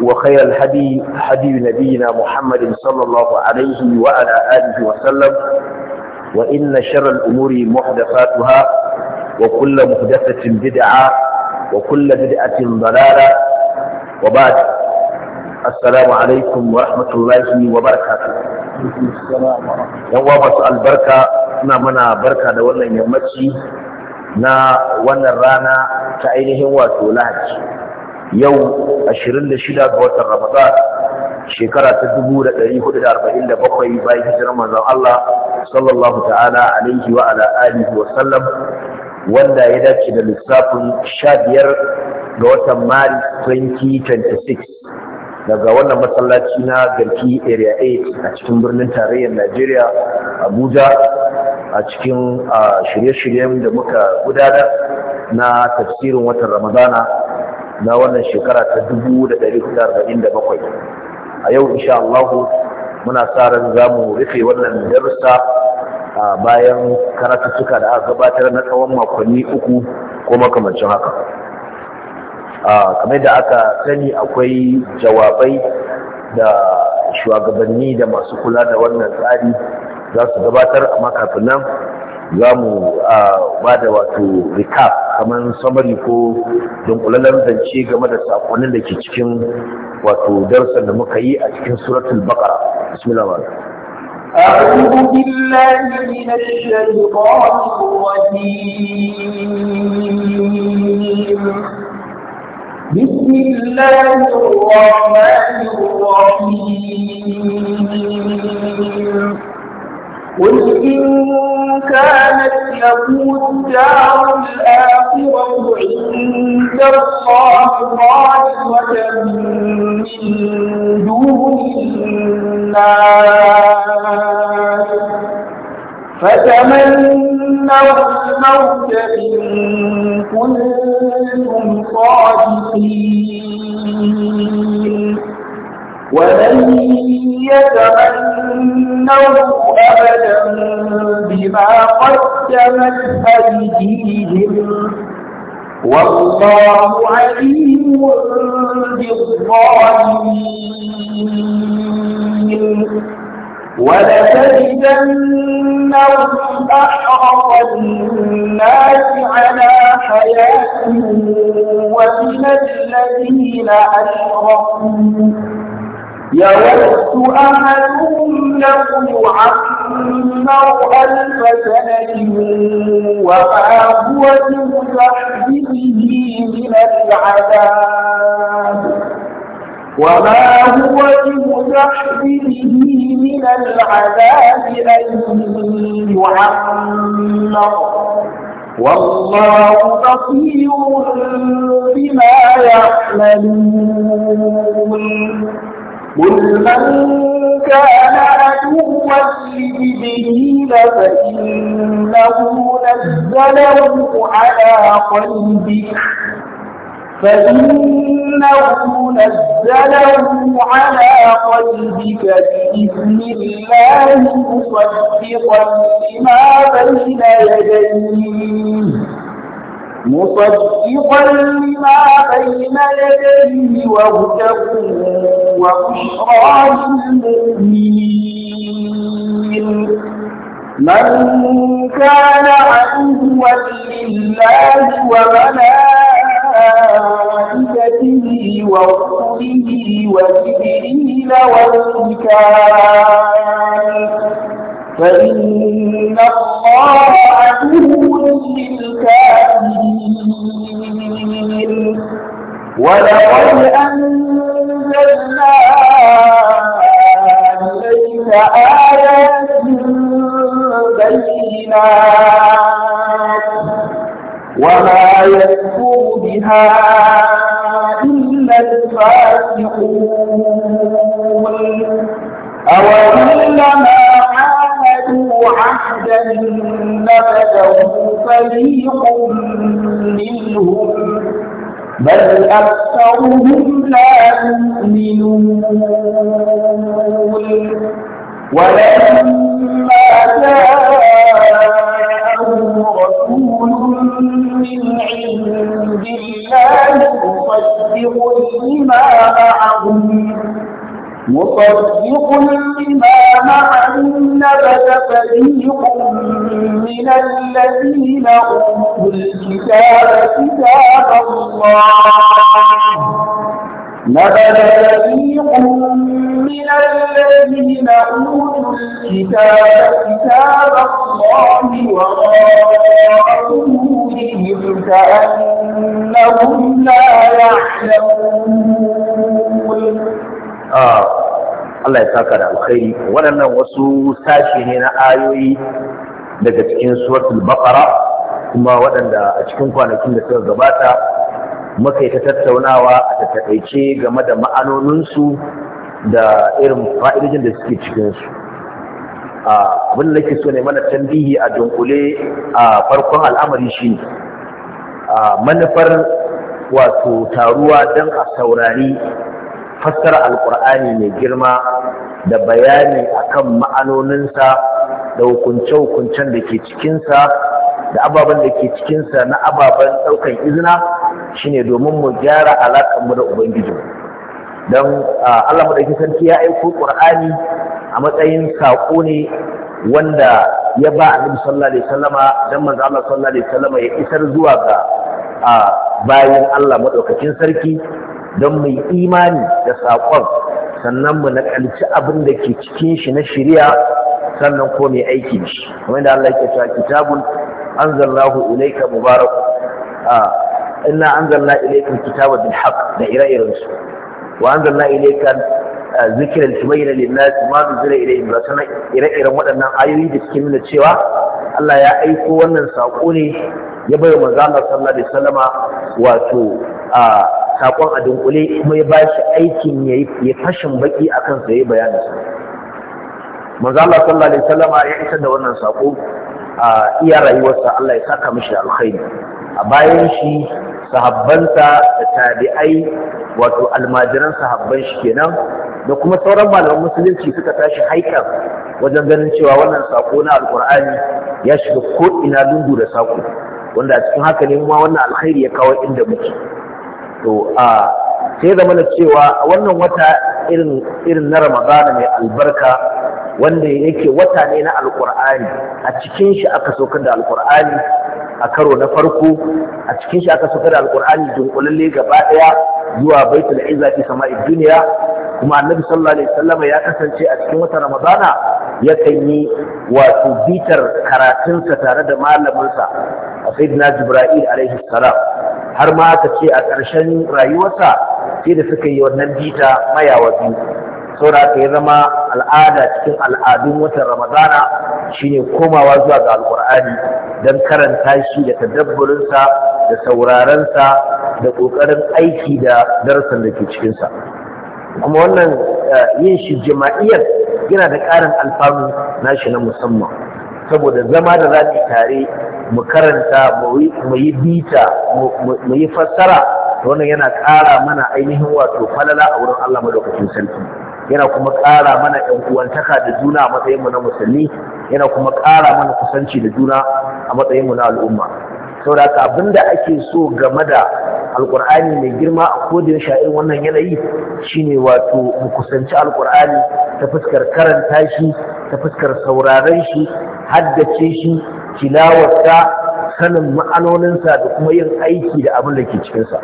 وخير الهدي هدي نبينا محمد صلى الله عليه وعلى آله وسلم وإن شر الأمور محدثاتها وكل محدثة بدعة وكل بدعة ضلالة وبعد السلام عليكم ورحمة الله وبركاته يوم البركة نمنا بركة دولنا يومتي na wannan rana ta ainihin wato lahaji yau 26 ga watan Ramadan shekara ta 1447 bayan hijirar manzon Allah sallallahu ta'ala alaihi wa ala alihi wa sallam wanda ya dace da lissafin 15 ga watan Maris 2026 daga wannan masallaci na Garki Area 8 a cikin birnin tarayyar Najeriya Abuja a cikin shirye-shiryen da muka gudanar na tafsirin watan Ramadana na wannan shekara ta bakwai a yau insha Allah muna sa ran zamu rufe wannan darussa bayan karatuttuka da aka gabatar na tsawon makonni uku ko makamancin haka kamar da aka sani akwai jawabai da shugabanni da masu kula da wannan tsari za su gabatar a kafin nan za mu ba da wato recap kamar samari ko dunkulallen zance game da sakonin da ke cikin wato darsan da muka yi a cikin suratul baqara bismillah أعوذ بالله من الشيطان الرجيم بسم الله الرحمن الرحيم قل إن كانت لكم الدار الآخرة عند الله خالصة من دون الناس فتمنوا الموت إن كنتم صادقين ولن يتمنوا أبدا بما قدمت أيديهم والله عليم بالظالمين ولتجدن أحرص الناس على حياة ومن الذين أشركوا يود أحدهم له يعمر ألف سنة وما هو بمزحزحه من العذاب وما هو بمزحزحه من العذاب أن يعمر والله بصير بما يعملون قل من كان عدوا لجبريل فإنه نزله على قلبك فإنه نزله على قلبك بإذن الله مصدقا لما بين يديه مصدقا لما بين يديه وهدى وبشرى للمؤمنين من كان عدوا لله وملائكته ورسله وجبريل والمكان فإن الله عدو للكافرين ولقد أنزلنا إليك آيات بينات وما يكفر بها إلا الفاسقون أولم نبذه فريق منهم بل أكثرهم لا يؤمنون ولا alkhairi waɗannan wasu sashi ne na ayoyi daga cikin suratul baqara kuma waɗanda a cikin kwanakin da suka gabata muka yi ta tattaunawa a tattakaice game da ma'anoninsu da irin fa'idojin da suke cikinsu abin da nake so ne mana tambihi a dunkule a farkon al'amari shine manufar wato taruwa don a saurari fassara alkur'ani mai girma da bayani akan ma'anoninsa da hukunce-hukuncen da ke cikinsa da ababen da ke cikinsa na ababen ɗaukan izina shine domin mu gyara mu da ubangiji don allah maɗauki sarki ya aiko ƙur'ani a matsayin saƙo ne wanda ya ba annabi sallallahu alaihi wasallama dan manzo Allah sallallahu alaihi wasallama ya isar zuwa ga bayan Allah madaukakin sarki don mai imani da saƙon sannan mu naƙalci abin da ke cikin shi na shirya sannan ko mai aiki da shi kamar da Allah yake cewa kitabun anzalnahu ilayka mubarak a inna anzalna ilayka kitaba bil haqq da ire-iren su wa anzalna ilayka zikra litubayyana lin-nas ma nuzila ilayhim ba sanan ire-iren waɗannan ayoyi da suke nuna cewa Allah ya aiko wannan saƙo ne ya bai wa manzo Allah sallallahu alaihi wasallama wato a sakon a dunkule kuma ya bashi aikin ya yi fashin baki a kansa ya yi bayanin manzo Allah sallallahu alaihi ya isar da wannan sako a iya rayuwarsa Allah ya saka mishi alkhairi a bayan shi sahabbansa da tabi'ai wato almajiran sahabban shi kenan da kuma sauran malaman musulunci suka tashi haikan wajen ganin cewa wannan sako na alkur'ani ya shiga ko ina lungu da sako wanda a cikin haka ne ma wannan alkhairi ya kawo inda muke to a sai zama na cewa wannan wata irin na ramadana mai albarka wanda yake wata ne na alkur'ani a cikin shi aka saukar da alkur'ani a karo na farko a cikin shi aka saukar da alkur'ani dunkulalle gaba daya zuwa baitul izza fi duniya kuma annabi sallallahu alaihi wasallam ya kasance a cikin wata ramadana yakan yi wato bitar karatunsa tare da malaminsa a sayyidina jibril alaihi salam har ma aka ce a ƙarshen rayuwarsa sai da suka yi wannan bita mayawa biyu saboda yi zama al'ada cikin al'adun watan ramadana shine komawa zuwa ga alkur'ani don karanta shi da tadabbarinsa da saurarensa da ƙoƙarin aiki da darasin da ke cikinsa kuma wannan eh, yin shi jima'iyar yana da ƙarin alfanu nashi na musamman saboda zama da za mu tare mu karanta mu yi bita mu yi fassara wannan yana ƙara mana ainihin wato falala a wurin Allah madaukakin sarki yana kuma ƙara mana ƴan uwantaka da juna a matsayinmu na musulmi yana kuma ƙara mana kusanci da juna a matsayin mu na al'umma saboda abin da ake so game da alkur'ani mai girma a kodin sha'in wannan yanayi shine wato mu kusanci alkur'ani ta fuskar karanta shi ta fuskar sauraron shi haddace shi tilawarsa sanin ma'anoninsa da kuma yin aiki da abin da ke cikinsa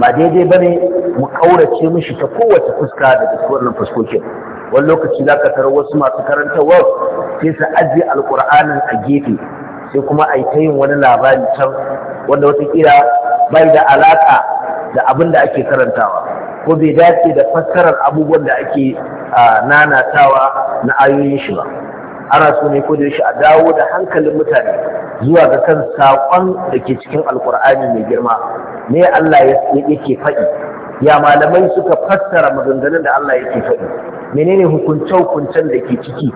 ba daidai ne mu ƙaurace mishi ta kowace fuska da duk wannan fuskokin wani lokaci za ka tarar wasu masu karantarwa sai su ajiye alkur'anin a gefe sai kuma a yi ta yin wani labari can wanda watakila bai da alaƙa da abin da ake karantawa ko bai dace da fassarar abubuwan da ake nanatawa na ayoyin shi ba ana so ne ko da shi a dawo da hankalin mutane zuwa ga kan saƙon da ke cikin alkur'ani mai girma me Allah yake faɗi ya malamai suka fassara maganganun da Allah yake faɗi menene hukunce-hukuncen da ke ciki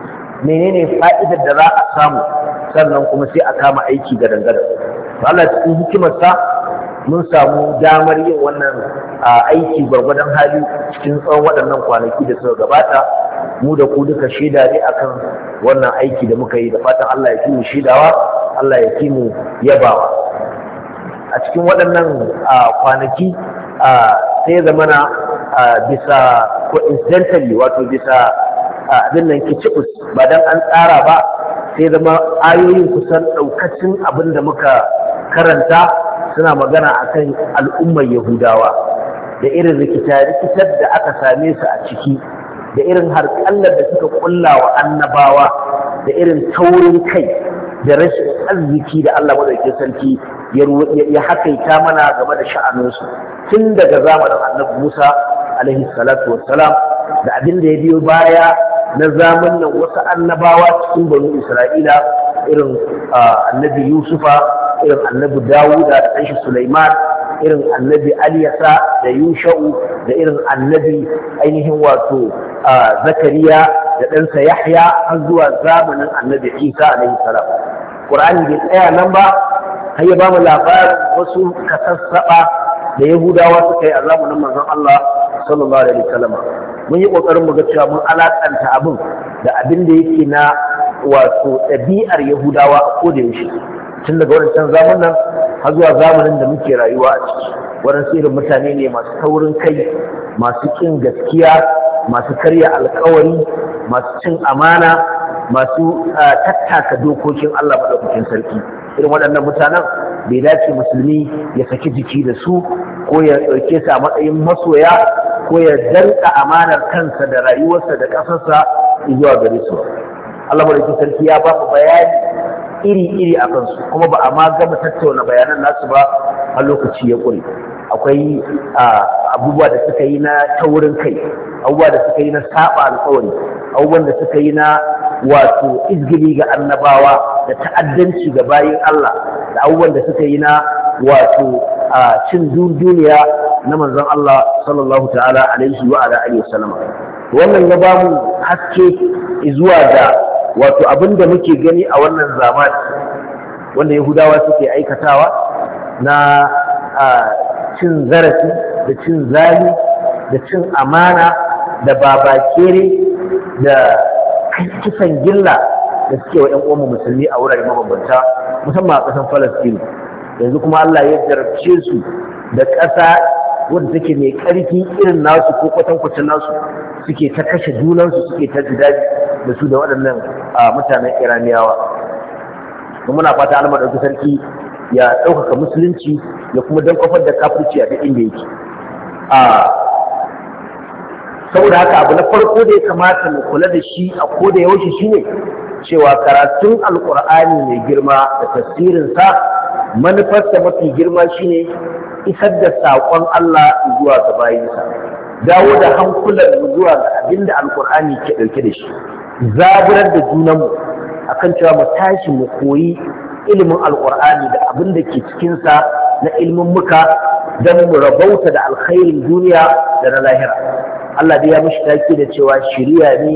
menene fa'idar da za a samu sannan kuma sai a kama aiki ga dangane Allah cikin hikimarsa mun samu damar yin wannan aiki gwargwadon hali cikin tsawon waɗannan kwanaki da suka gabata mu da ku duka shaida ne akan wannan aiki da muka yi da fatan Allah ya kimu shaidawa Allah ya kimu yabawa a cikin waɗannan kwanaki sai na bisa coincidentally wato bisa abin nan kicibus ba dan an tsara ba sai zama ayoyin kusan ɗaukacin abin da muka karanta suna magana a kan al'ummar yahudawa da irin rikita-rikitar da aka same su a ciki da irin harƙallar da suka ƙulla wa annabawa da irin taurin kai da rashin arziki da Allah madaukakin sarki ya hakaita mana game da sha'aninsu tun daga zamanin annabi Musa alaihi salatu wassalam da abin da ya biyo baya na zamanin wasu annabawa cikin banu isra'ila irin annabi yusufa irin annabi dawuda da ɗanshi sulaiman irin annabi aliyasa da yusha'u da irin annabi ainihin wato zakariya da ɗansa yahya har zuwa zamanin annabi isa alaihi salam ƙurani bai tsaya nan ba har ya ba mu labarin wasu kasassaɓa da yahudawa suka yi a zamanin manzon allah sallallahu alaihi wasallam mun yi kokarin mu ga cewa mun alakanta abin da abin da yake na wato dabi'ar yahudawa a koda yaushe tun daga wancan zamanin nan har zuwa zamanin da muke rayuwa a ciki wannan irin mutane ne masu taurin kai masu kin gaskiya masu karya alkawari masu cin amana masu tattaka dokokin Allah maɗaukakin sarki irin waɗannan mutanen bai dace musulmi ya saki jiki da su ko ya ɗauke sa a matsayin masoya ko ya danka amanar kansa da rayuwarsa da ƙasarsa zuwa gare su Allah madaukakin sarki ya ba mu bayani iri-iri a kansu kuma ba a ma gama tattauna bayanan nasu ba a lokaci ya ƙure akwai abubuwa da suka yi na taurin kai abubuwa da suka yi na saba alƙawari abubuwan da suka yi na wato izgili ga annabawa da ta'addanci ga bayin Allah da abubuwan da suka yi na wato a cin duniya na manzon Allah sallallahu ta'ala alaihi wa ala alihi wasallam wannan ya ba mu haske zuwa da wato da muke gani a wannan zamani wanda yahudawa suke aikatawa na cin zarafi da cin zali da cin amana da babakere da kisan gilla da suke wa 'yan uwan musulmi a wurare mabambanta musamman a ƙasar falastin yanzu kuma Allah ya jarabce su da ƙasa wadda take mai ƙarfi irin nasu ko kwatankwacin nasu suke ta kashe junansu suke ta jidali da su da waɗannan mutanen iraniyawa muna fata alama ɗauki sarki ya ɗaukaka musulunci ya kuma don kofar da kafirci a duk inda yake saboda haka abu na farko da ya kamata mu kula da shi a ko da yaushe shi ne. cewa karatun alkur'ani mai girma da tasirinsa manufarsa mafi girma shine isar da saƙon Allah zuwa ga bayinsa dawo da hankulan zuwa ga abin da alkur'ani ke ɗauke da shi zaburar da junanmu akan cewa mu tashi mu koyi ilimin alkur'ani da abin da ke cikinsa na ilimin muka don mu rabauta da alkhairin duniya da na lahira Allah dai ya mishi taki da cewa shiriya ne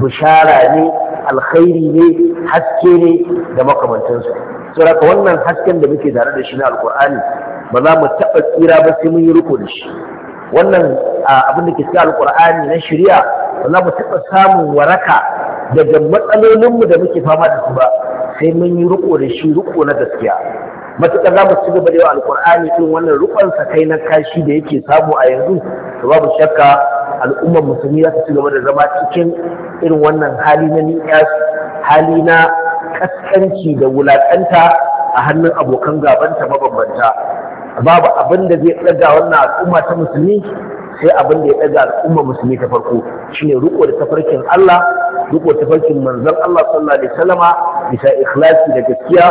bishara ne alkhairi ne haske ne da makamantansu saboda wannan hasken da muke tare da shi na alkur'ani ba za mu taɓa tsira ba sai mun yi riko da shi wannan abin da ke cikin alkur'ani na shiriya, ba za mu taɓa samun waraka daga matsalolinmu da muke fama da su ba sai mun yi riko da shi riko na gaskiya matuƙar za mu ci gaba da yawa alƙur'ani irin wannan rukun kai na kashi da yake samu a yanzu to babu shakka al'ummar musulmi za ta ci gaba da zama cikin irin wannan hali na ni'as hali na kaskanci da wulaƙanta a hannun abokan gabanta mabambanta babu abin da zai ɗaga wannan al'umma ta musulmi sai abin da ya ɗaga al'ummar musulmi ta farko shine riko da tafarkin Allah riko da tafarkin manzon Allah sallallahu alaihi wasallama bisa ikhlasi da gaskiya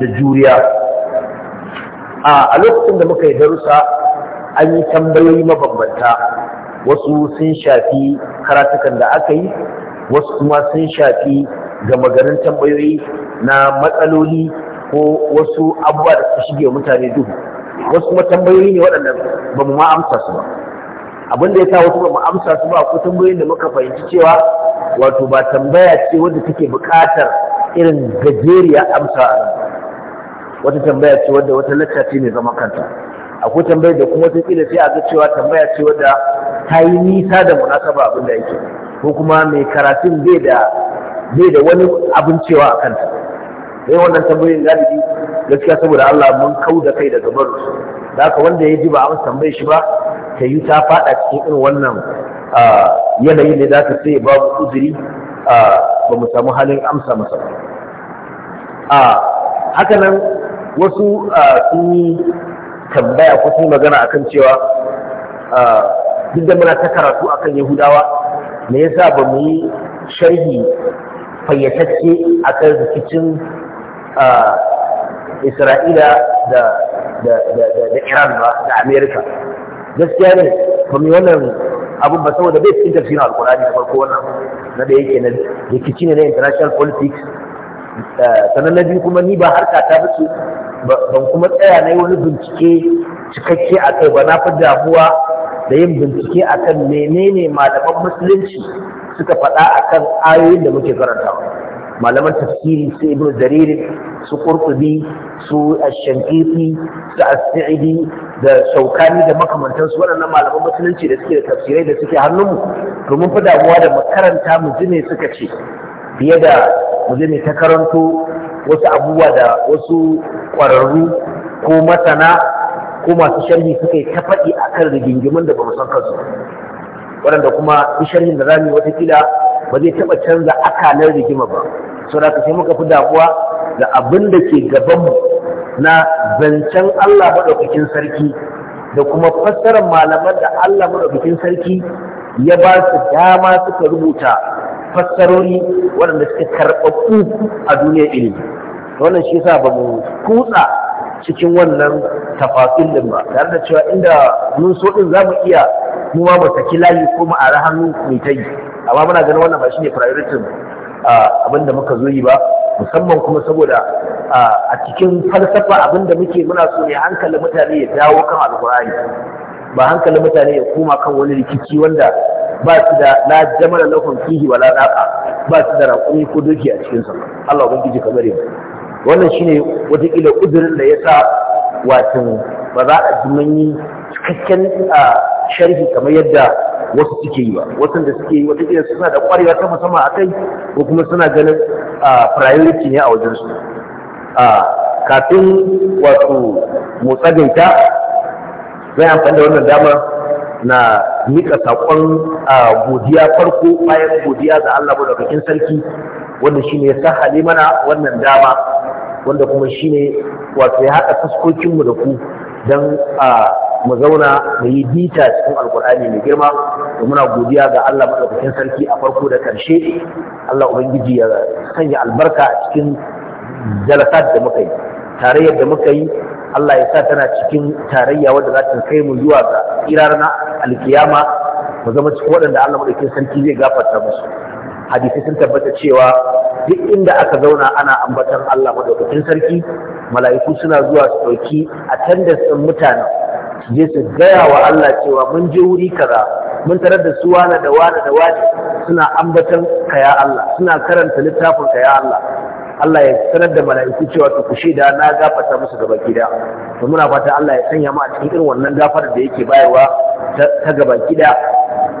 da juriya a lokacin da muka yi darussa an yi tambayoyi mabambanta wasu sun shafi karatukan da aka yi wasu kuma sun shafi gama garin tambayoyi na matsaloli ko wasu abubuwa da su shige mutane duhu wasu kuma tambayoyi ne waɗanda ba mu ma amsa su ba abin da ya sa wasu ba mu amsa su ba ko tambayoyin da muka fahimci cewa wato ba tambaya ce wadda take buƙatar irin gajeriya amsa a wata tambaya ce wadda wata lacca ce mai zama kanta akwai tambayar da kuma wata kila sai a ga cewa tambaya ce wadda ta yi nisa da munasaba abin da yake ko kuma mai karatun bai da wani abin cewa a kanta sai eh, wannan tambayoyin galibi gaskiya saboda Allah mun kau da kai daga barin su da haka wanda ya ji ba an tambaye shi ba ta yi ta faɗa cikin irin wannan yanayi ne za ka sai babu uzuri ba mu samu halin amsa masa ba haka nan wasu sun yi tambaya ko sun magana akan cewa duk da muna ta karatu akan yahudawa me yasa ba mu yi sharhi fayyatacce akan rikicin isra'ila da iran ba da amerika gaskiya ne ba mu yi wannan abin ba saboda bai cikin tafsirin alkurani da farko wannan na da yake na rikici ne na international politics Eh, sannan na biyu kuma ni ba harka ta bace ban kuma tsaya na yi wani bincike cikakke a kai ba na fi damuwa da yin bincike akan menene malaman musulunci suka faɗa akan ayoyin da muke karantawa malaman tafsiri su ibn jariri su kurkubi su ash su as da saukani da makamantansu waɗannan malaman musulunci da suke da tafsirai da suke hannunmu domin fi damuwa da makaranta mu ji ne suka ce fiye da mu mai ta karanto wasu abubuwa da wasu ƙwararru ko masana ko masu sharhi suka yi ta faɗi a kan rigingimin da ba mu san kansu waɗanda kuma yi sharhin da mu yi watakila ba zai taɓa canza akalar rigima ba sau da sai muka fi damuwa da abin da ke gabanmu na zancen Allah maɗaukakin sarki da kuma fassarar malaman da Allah maɗaukakin sarki ya ba su dama suka rubuta fassarori waɗanda suka karɓaɓɓu a duniyar ilimi wannan shi yasa ba mu kutsa cikin wannan tafafin din ba tare da cewa inda mun so din za mu iya mu ma mu saki layi ko mu ara hannu mai ta yi amma muna ganin wannan ba shi ne priority abin da muka zo yi ba musamman kuma saboda a cikin falsafa abin da muke muna so ne hankalin mutane ya dawo kan alkur'ani ba hankalin mutane ya koma kan wani rikici wanda ba su da la jamala lakum fihi wala naqa ba su da raƙumi ko doki a cikin sa Allah ubangiji kamar yau wannan shine watakila udurin da yasa watan ba za a jimanyi cikakken sharhi kamar yadda wasu suke yi ba wasu da suke yi watakila suna da ƙwarewa ta a kai, ko kuma suna ganin priority ne a wajen su kafin wato motsa gaita zai amfani da wannan dama na nika saƙon godiya farko bayan godiya ga Allah madaukakin sarki wanda shine ya sahale mana wannan dama wanda kuma shine wato ya haɗa fuskokinmu da ku don mu zauna mu yi bita cikin alkur'ani mai girma da muna godiya ga Allah madaukakin sarki a farko da karshe Allah ubangiji ya sanya albarka a cikin jalasat da muka yi tare yadda muka yi Allah ya sa tana cikin tarayya wadda za ta kai mu zuwa ga irar alkiyama mu zama cikin waɗanda Allah madaukakin sarki zai gafarta musu hadisi sun tabbata cewa duk inda aka zauna ana ambatan Allah madaukakin sarki mala'iku suna zuwa su ɗauki attendance ɗin mutanen su je su gaya wa Allah cewa mun je wuri kaza mun tarar da su wane da wane da wani suna ambatan ka ya Allah suna karanta littafin ka ya Allah Allah ya sanar da mala'iku cewa to kushe da na gafarta musu gaba gida to muna fata Allah ya sanya mu a cikin irin wannan gafarar da yake bayarwa ta gaba gida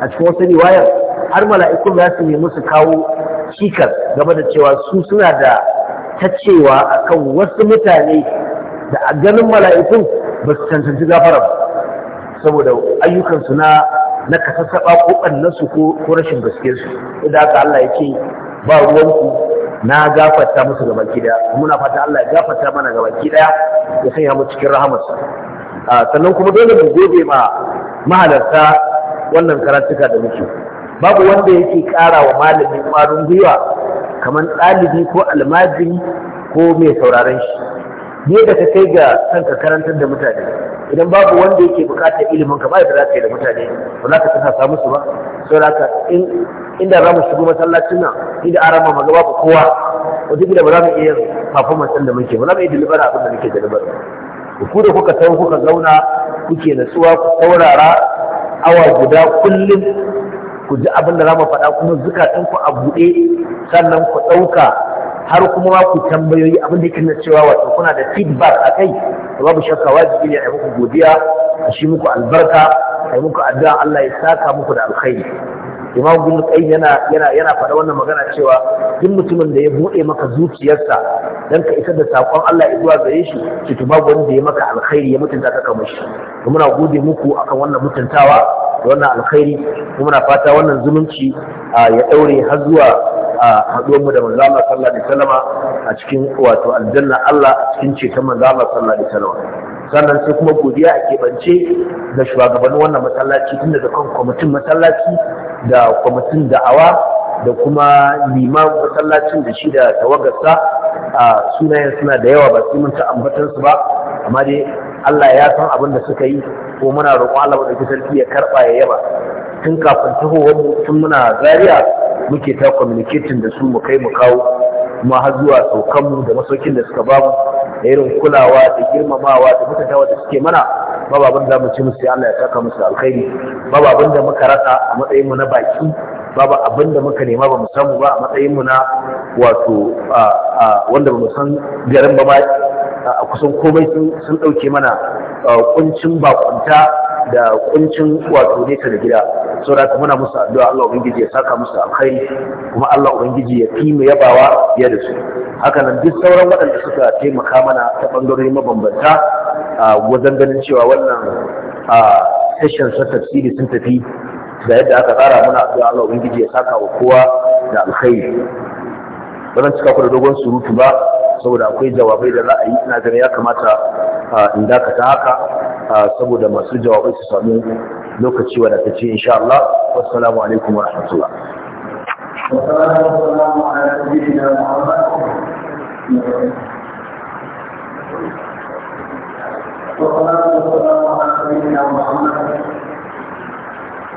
a cikin wasu riwayar har mala'ikun za su nemi su kawo cikas game da cewa su suna da ta cewa akan wasu mutane da a ganin mala'ikun ba su cancanci gafarar saboda ayyukansu na na kasassaba ko ɓannansu ko rashin gaskiyarsu idan haka Allah ya ce ba ruwanku na gafata musu gaba Kuma muna fata Allah ya gafarta mana gaba kida ya sanya mu cikin rahamarsa sannan kuma dole mu gode ma mahalarta wannan karatuka da muke babu wanda yake ƙara wa malami ƙwarin gwiwa kamar ɗalibi ko almajiri ko mai sauraron shi ne da ka kai ga son ka karantar da mutane idan babu wanda yake bukatar ilimin ka ba da za ka yi da mutane ba za ka sa musu ba sai za ka inda za mu shigo masallacin nan ni da arama maza babu kowa da ba za mu iya performance ɗin da muke ba za mu iya dalibar abin da muke dalibar ku da kuka san kuka zauna kuke natsuwa ku saurara awa guda kullum ku ji abin da za mu faɗa kuma zukatan ku a buɗe sannan ku ɗauka har kuma ma ku tambayoyi abin da yake na cewa wato kuna da feedback akai kai babu shakka wajibi ne a yi muku godiya a shi muku albarka a yi muku addu'a Allah ya saka muku da alkhairi imam ibn qayyim yana yana yana faɗa wannan magana cewa duk mutumin da ya buɗe maka zuciyarsa dan ka isar da sakon Allah zuwa gare shi ki tuba wanda ya maka alkhairi ya mutunta ka kamar shi muna gode muku akan wannan mutuntawa da wannan alkhairi kuma muna fata wannan zumunci ya daure har zuwa haduwar mu da manzo Allah sallallahu alaihi wasallama a cikin wato aljanna Allah cikin ceton manzo Allah sallallahu alaihi wasallama sannan sai kuma godiya a keɓance da shugabannin wannan masallaci tun daga kan kwamitin masallaci da kwamitin da'awa da kuma liman masallacin da shi da tawagarsa a sunayen suna da yawa ba yi mun ta ambatansu ba amma dai Allah ya san abin da suka yi ko muna roƙo Allah da sarki ya karɓa ya yaba tun kafin tahowar mu tun muna zariya muke ta communicating da su mu kai mu kawo kuma har zuwa saukanmu da masaukin da suka bamu da irin kulawa da girmamawa da mutuntawa da suke mana babu abin da mu ci musu Allah ya saka musu alkhairi babu abin da muka rasa a matsayin mu na baki babu abin da muka nema ba mu samu ba a matsayin mu na wato wanda ba mu san garin ba a kusan komai sun ɗauke mana kuncin bakunta da kuncin wato nesa da gida saboda haka muna musu addu'a Allah ubangiji ya saka musu a kai, kuma Allah ubangiji ya fi mu yabawa ya da su haka nan duk sauran waɗanda suka taimaka mana ta bangarori mabambanta wajen ganin cewa wannan session sa tafsiri sun tafi da yadda aka tsara muna addu'a Allah ubangiji ya saka wa kowa da alkhairi zan cika ku dogon surutu ba saboda akwai jawabai da za a yi ina ganin ya kamata in dakata haka saboda masu jawabai su samu lokaci wadatacce insha Allah wassalamu alaikum wa rahmatullah wassalamu alaikum wa rahmatullah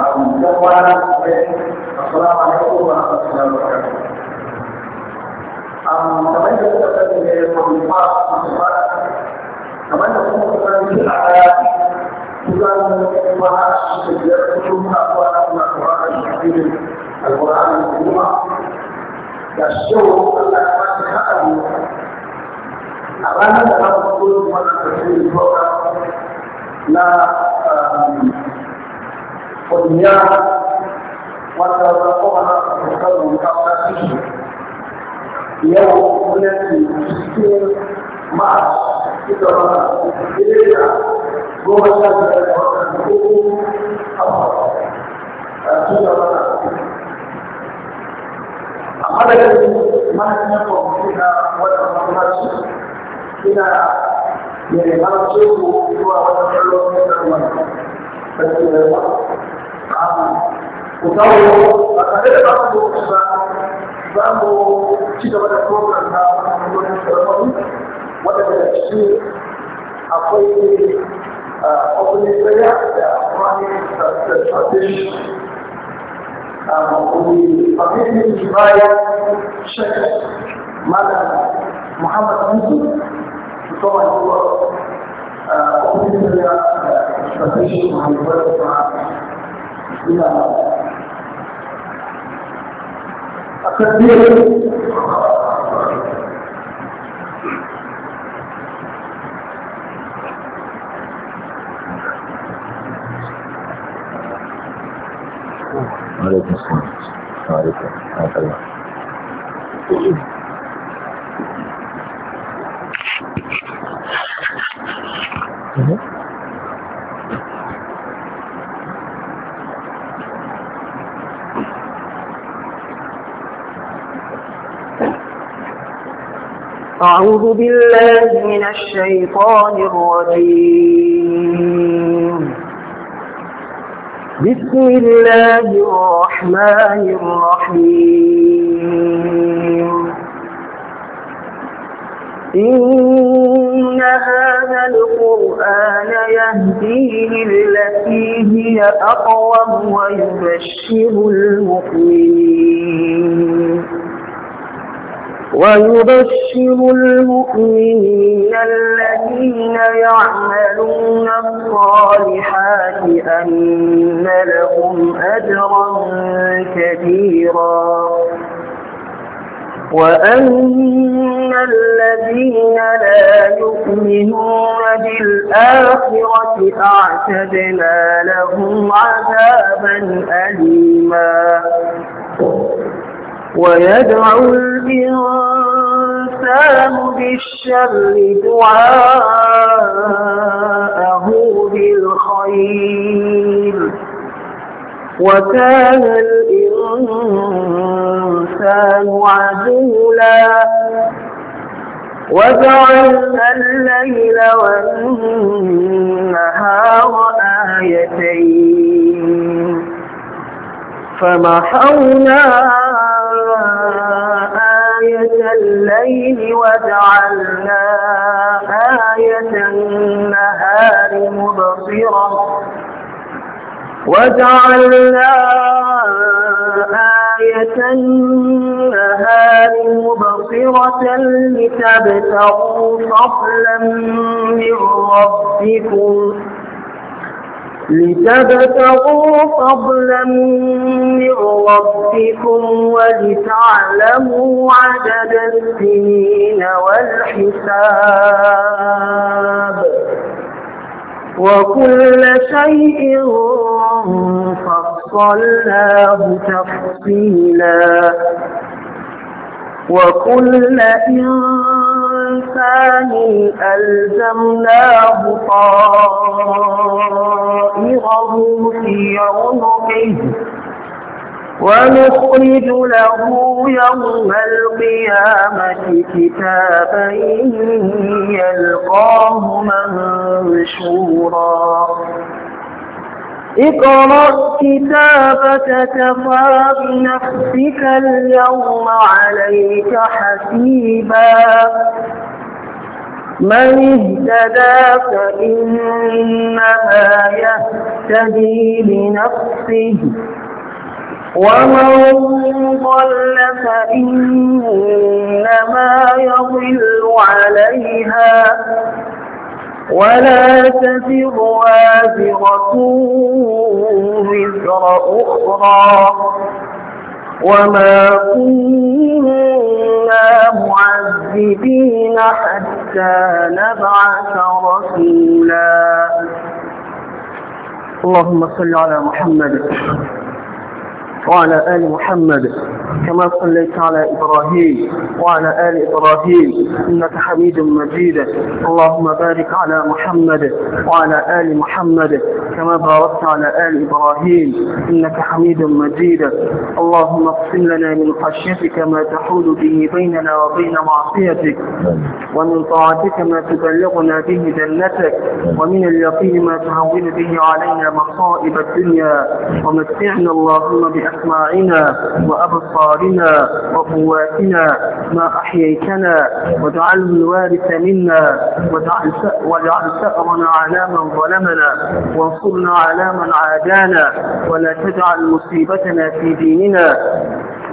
السلام عليكم ورحمة الله وبركاته. كمان تتكلم من التطبيقات والصفات كمان تتكلم على كلام وعاش تجربة أقوال من القرآن الكريم القرآن الكريم يشوف الأحوال الحقيقية أبانا لما نقول من التفسير فوق لا kodinya wajah Tuhan kita mengucapkan itu ia mempunyai sistem mas kita mengucapkan diri kita mengucapkan diri kita Amal ini mana pun kita wajib mengaji, kita yang mengaji itu dua wajib kita lakukan. Betul tak? ku kawo a tare da ba mu ba za mu ci gaba da program na wani sarfari wadda daga ciki akwai opening prayer da running transportation we permitted by Sheikh Madam Muhammad Mutu to come and do opening prayer transportation and work for us. Assalamualaikum warahmatullahi wabarakatuh. Waalaikumsalam. Waalaikumsalam. Waalaikumsalam. أعوذ بالله من الشيطان الرجيم بسم الله الرحمن الرحيم إن هذا القرآن يهدي للتي هي أقوم ويبشر المؤمنين ويبشر يبشر المؤمنين الذين يعملون الصالحات أن لهم أجرا كبيرا وأن الذين لا يؤمنون بالآخرة أعتدنا لهم عذابا أليما ويدعو الإنسان الإنسان بالشر دعاءه بالخير وكان الإنسان عجولا وجعلنا الليل والنهار آيتين فمحونا آية الليل وجعلنا آية النهار مبصرة وجعلنا آية النهار مبصرة لتبتغوا فضلا من ربكم لتبتغوا فضلا من ربكم ولتعلموا عدد السنين والحساب وكل شيء فصلناه تفصيلا وكل إنسان الإنسان ألزمناه طائره في عنقه ونخرج له يوم القيامة كتابا يلقاه منشورا اقرأ كتابك كفى بنفسك اليوم عليك حسيبا من اهتدى فإنما يهتدي لنفسه ومن ضل فإنما يضل عليها ولا تزر وازرة وزر أخرى وما كنا معذبين حتى نبعث رسولا اللهم صل على محمد وعلى آل محمد كما صليت على إبراهيم وعلى آل إبراهيم إنك حميد مجيد اللهم بارك على محمد وعلى آل محمد كما باركت على آل إبراهيم إنك حميد مجيد اللهم اقسم لنا من خشيتك ما تحول به بيننا وبين معصيتك ومن طاعتك ما تبلغنا به جنتك ومن اليقين ما تهون به علينا مصائب الدنيا ومتعنا اللهم بأمنا بأسماعنا وأبصارنا وقواتنا ما أحييتنا واجعله الوارث منا واجعل واجعل ثأرنا على من ظلمنا وانصرنا على من عادانا ولا تجعل مصيبتنا في ديننا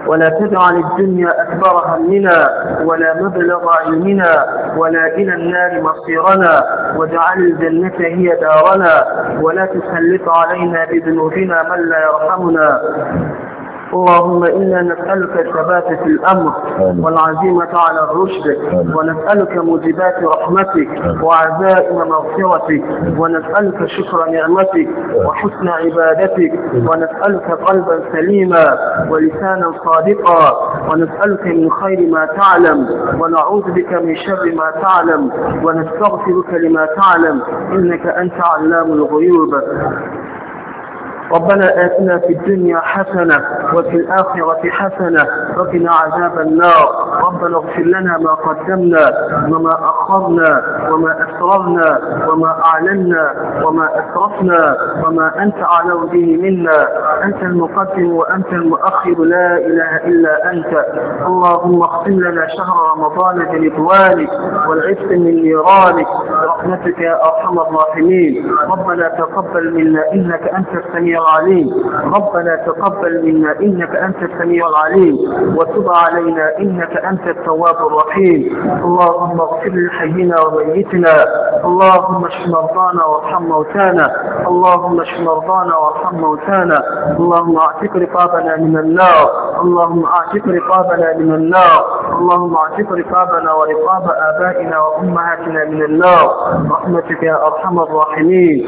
ولا تجعل الدنيا أكبر همنا ولا مبلغ علمنا ولا إلى النار مصيرنا واجعل الجنة هي دارنا ولا تسلط علينا بذنوبنا من لا يرحمنا اللهم إنا نسألك الثبات في الأمر والعزيمة على الرشد ونسألك موجبات رحمتك وعزائم مغفرتك ونسألك شكر نعمتك وحسن عبادتك ونسألك قلبا سليما ولسانا صادقا ونسألك من خير ما تعلم ونعوذ بك من شر ما تعلم ونستغفرك لما تعلم إنك أنت علام الغيوب ربنا آتنا في الدنيا حسنة وفي الآخرة حسنة وقنا عذاب النار ربنا اغفر لنا ما قدمنا وما أخرنا وما أسررنا وما أعلنا وما أسرفنا وما أنت أعلم به منا أنت المقدم وأنت المؤخر لا إله إلا أنت اللهم اغفر لنا شهر رمضان برضوانك والعفة من نيرانك برحمتك يا أرحم الراحمين ربنا تقبل منا إنك أنت السميع العليم ربنا تقبل منا إنك أنت السميع العليم وتب علينا إنك أنت التواب الرحيم اللهم اغفر لحينا وميتنا اللهم اشف مرضانا وارحم موتانا اللهم اشف مرضانا وارحم موتانا اللهم اعتق رقابنا من النار اللهم اعتق رقابنا من النار اللهم اعتق رقابنا ورقاب آبائنا وأمهاتنا من النار رحمتك يا أرحم الراحمين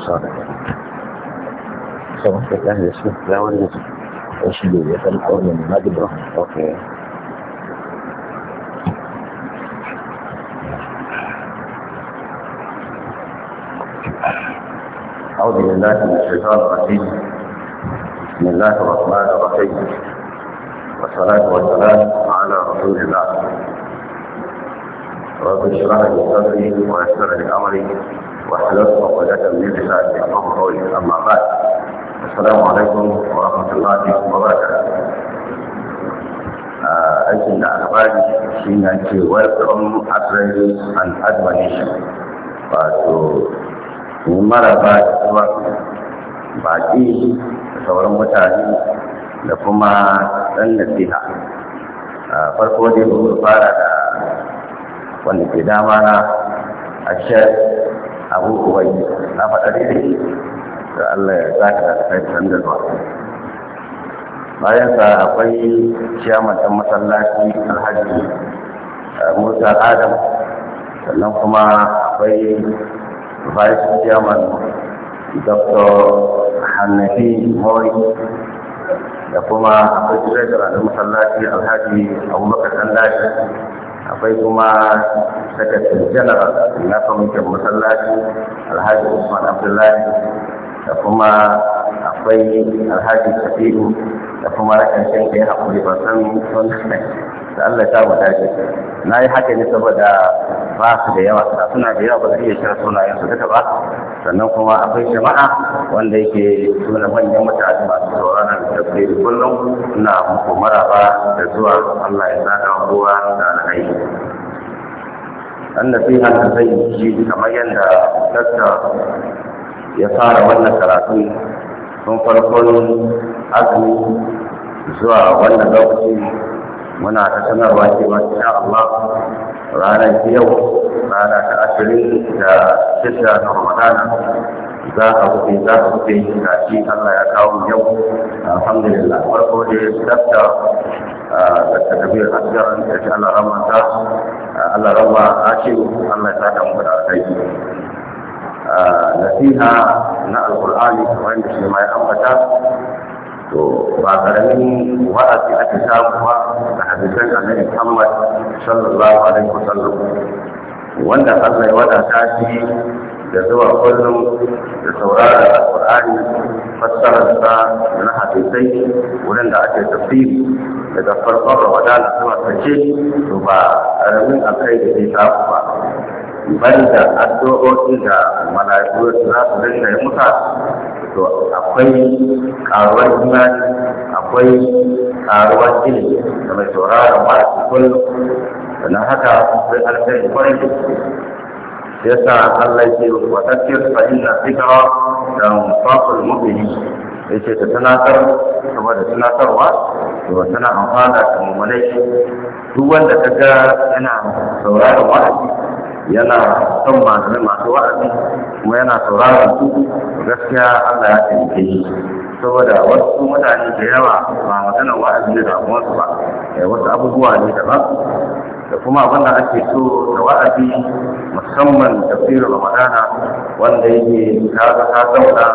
صالح سواء كان يسوع لا ولد ايش اللي يفعل قول من ما دبره اوكي أعوذ بالله من الشيطان الرجيم بسم الله الرحمن الرحيم والصلاة والسلام على رسول الله رب اشرح لي صدري ويسر لي أمري وأحلت عقدة من لساني يفقهوا قولي أما بعد السلام عليكم ورحمة الله وبركاته aikin da shi ce welcome and admonition wato mara ba zuwa baƙi sauran mutane da kuma ɗan nasiha farko dai ba fara da wanda ke dama na a shek abu ubai na faɗa daidai da Allah ya zaka da kai san da zuwa bayan sa akwai ciyaman ɗan masallaci alhaji eh, musa adam sannan kuma akwai vice chairman dr hannafi mori da kuma akwai director da masallaci alhaji abubakar ɗan akwai kuma sakatar general na kwamitin masallaci alhaji usman abdullahi da kuma akwai alhaji shafi'u da kuma rakan shan kai hakuri ba san Da Allah ya samu dace na yi haka ne saboda ba su da yawa suna da yawa ba su iya kira sunayen su duka ba sannan kuma akwai jama'a wanda yake suna manyan mutane masu sauraron da kullum na muku maraba da zuwa Allah ya saka ruwa da wanda fi haka zai yi shi kamar yadda dakta ya fara wannan karatu sun farkon azumi zuwa wannan lokacin muna ta sanarwa cewa insha Allah ranar yau rana ta ashirin da shida na Ramadana za ka kuɗe za ka kuɗe ga shi Allah ya kawo yau alhamdulillah farko da tsafta da ta tafiyar hajjar da shi Allah ta. Allah rama ashiru Allah ya saka mu da kai nasiha na alkur'ani wanda shi ma ya ambata to ba karamin wa'azi ake samu ba da hadisan annabi Muhammad sallallahu alaihi wasallam wanda Allah ya ta shi da zuwa kullum da saurara da Qur'ani fassararsa da na hadisai wurin da ake tafsiri daga farkon Ramadan zuwa kace to ba karamin akai da zai samu ba banda addu'o'i da mala'iku za su dinga yi musa to akwai karuwar imani akwai karuwar ilimi da mai sauraron wa a cikin sannan haka sai sai kwarai da sa Allah ya ce wa tafsir fa da dhikra tanfa'ul ya ce ta tunatar kuma da tunatarwa to tana amfana da mummunai duk wanda ga yana sauraron wa'azi yana son malamai masu wa'azi kuma yana sauraron su gaskiya Allah ya taimake shi saboda wasu mutane da yawa ba maganar wa'azi da su ba eh, wasu abubuwa ne da ba da kuma abin ake so da wa'azi musamman da tafsirin ramadana wanda yake ta ga ta zauna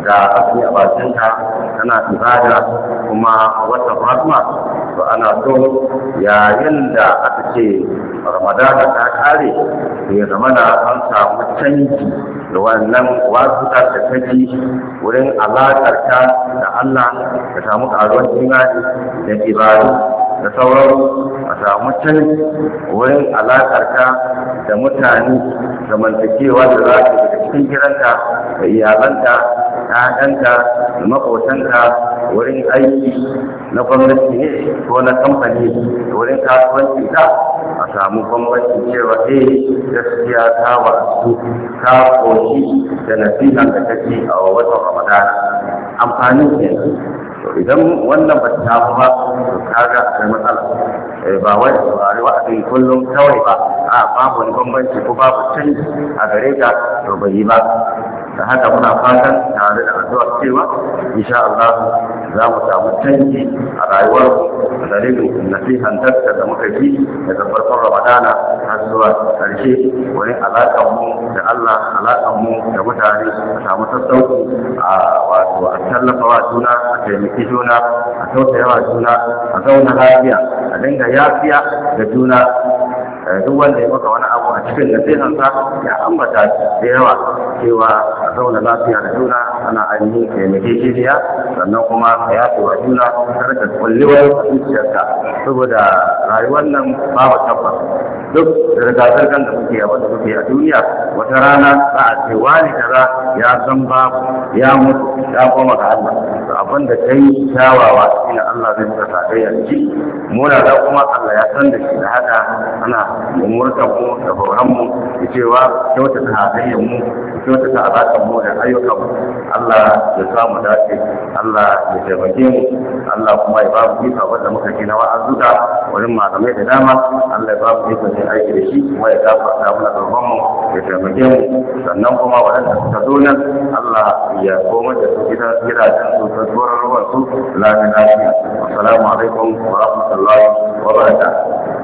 ga asali a bakinta tana ibada kuma wata rahma to ana so yayin da aka ce ramadana ta kare ya zama na an samu canji da wannan wasutar da ta ji wurin alaƙarta da Allah ta samu ƙaruwar imani da ibada da sauran a samu can wurin alaƙarka da mutane da zamantakewa da za ka daga cikin gidanka da iyalanka ‘ya'yanka da maƙotanka wurin aiki na gwamnati ne ko na kamfani wurin kasuwanci ka a samu gwamnati cewa eh gaskiya ta wasu ta koshi da nasihan da kake a wata ramadana amfanin kenan idan wannan ba ta ba to kaga akwai matsala eh, ba wai saurari wa'adin kullum kawai ba a babu wani bambanci ko babu canji a gare to bai yi ba da haka muna fatan tare da addu'ar cewa insha Allah za mu samu canji a rayuwar a dalilin nasihan tatta da muka ji daga farkon Ramadana har zuwa ƙarshe wani alaƙar mu da Allah alaƙar mu da mutane a samu sassauci a wato a tallafa wa juna a taimaki juna a tausaya wa juna a zauna lafiya a dinga yafiya da juna eh, duk wanda ya maka wani abu a cikin nasihansa ya ambata da yawa cewa a zauna lafiya da juna ana ainihin taimake jiniya sannan kuma ka yafe wa juna kar ka kulliwar zuciyarka saboda rayuwar nan babu tabbas duk zirga da kuke a wata kuke a duniya wata rana za a ce wani kaza ya san babu ya mutu ya koma ga Allah to abin da kai kyawawa shine Allah zai ta sadai a muna da kuma Allah ya san da shi da haka ana umurtar mu da bauran mu da cewa kyautata halayen mu kyautata alaƙar mu da ayyukan Allah ya sa mu dace Allah ya taimake mu Allah kuma ya ba mu iko wanda muka ji na wa'azuka wurin malamai da dama Allah ya ba mu iko sai aiki da shi kuma ya gafarta mana gaban mu ya taimake mu sannan kuma waɗanda suka zo nan Allah ya komar da su gidajen su ta tsoron ruwan su lafiya lafiya assalamu alaikum wa rahmatullahi wa barakatuh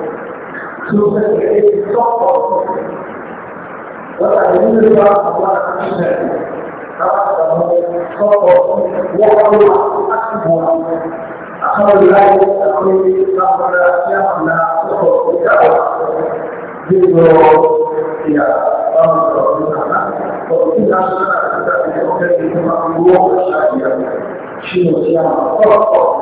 Nunca terei só posso. Quando a menina vai falar na minha só posso. Vou falar a segunda. أخذ ذلك التقليد فقد يمنع سقوط الدعوة ذكر إلى أمر ربنا وإن أشرك بذلك يؤكد المأمور الشرعي شنو سيما فقط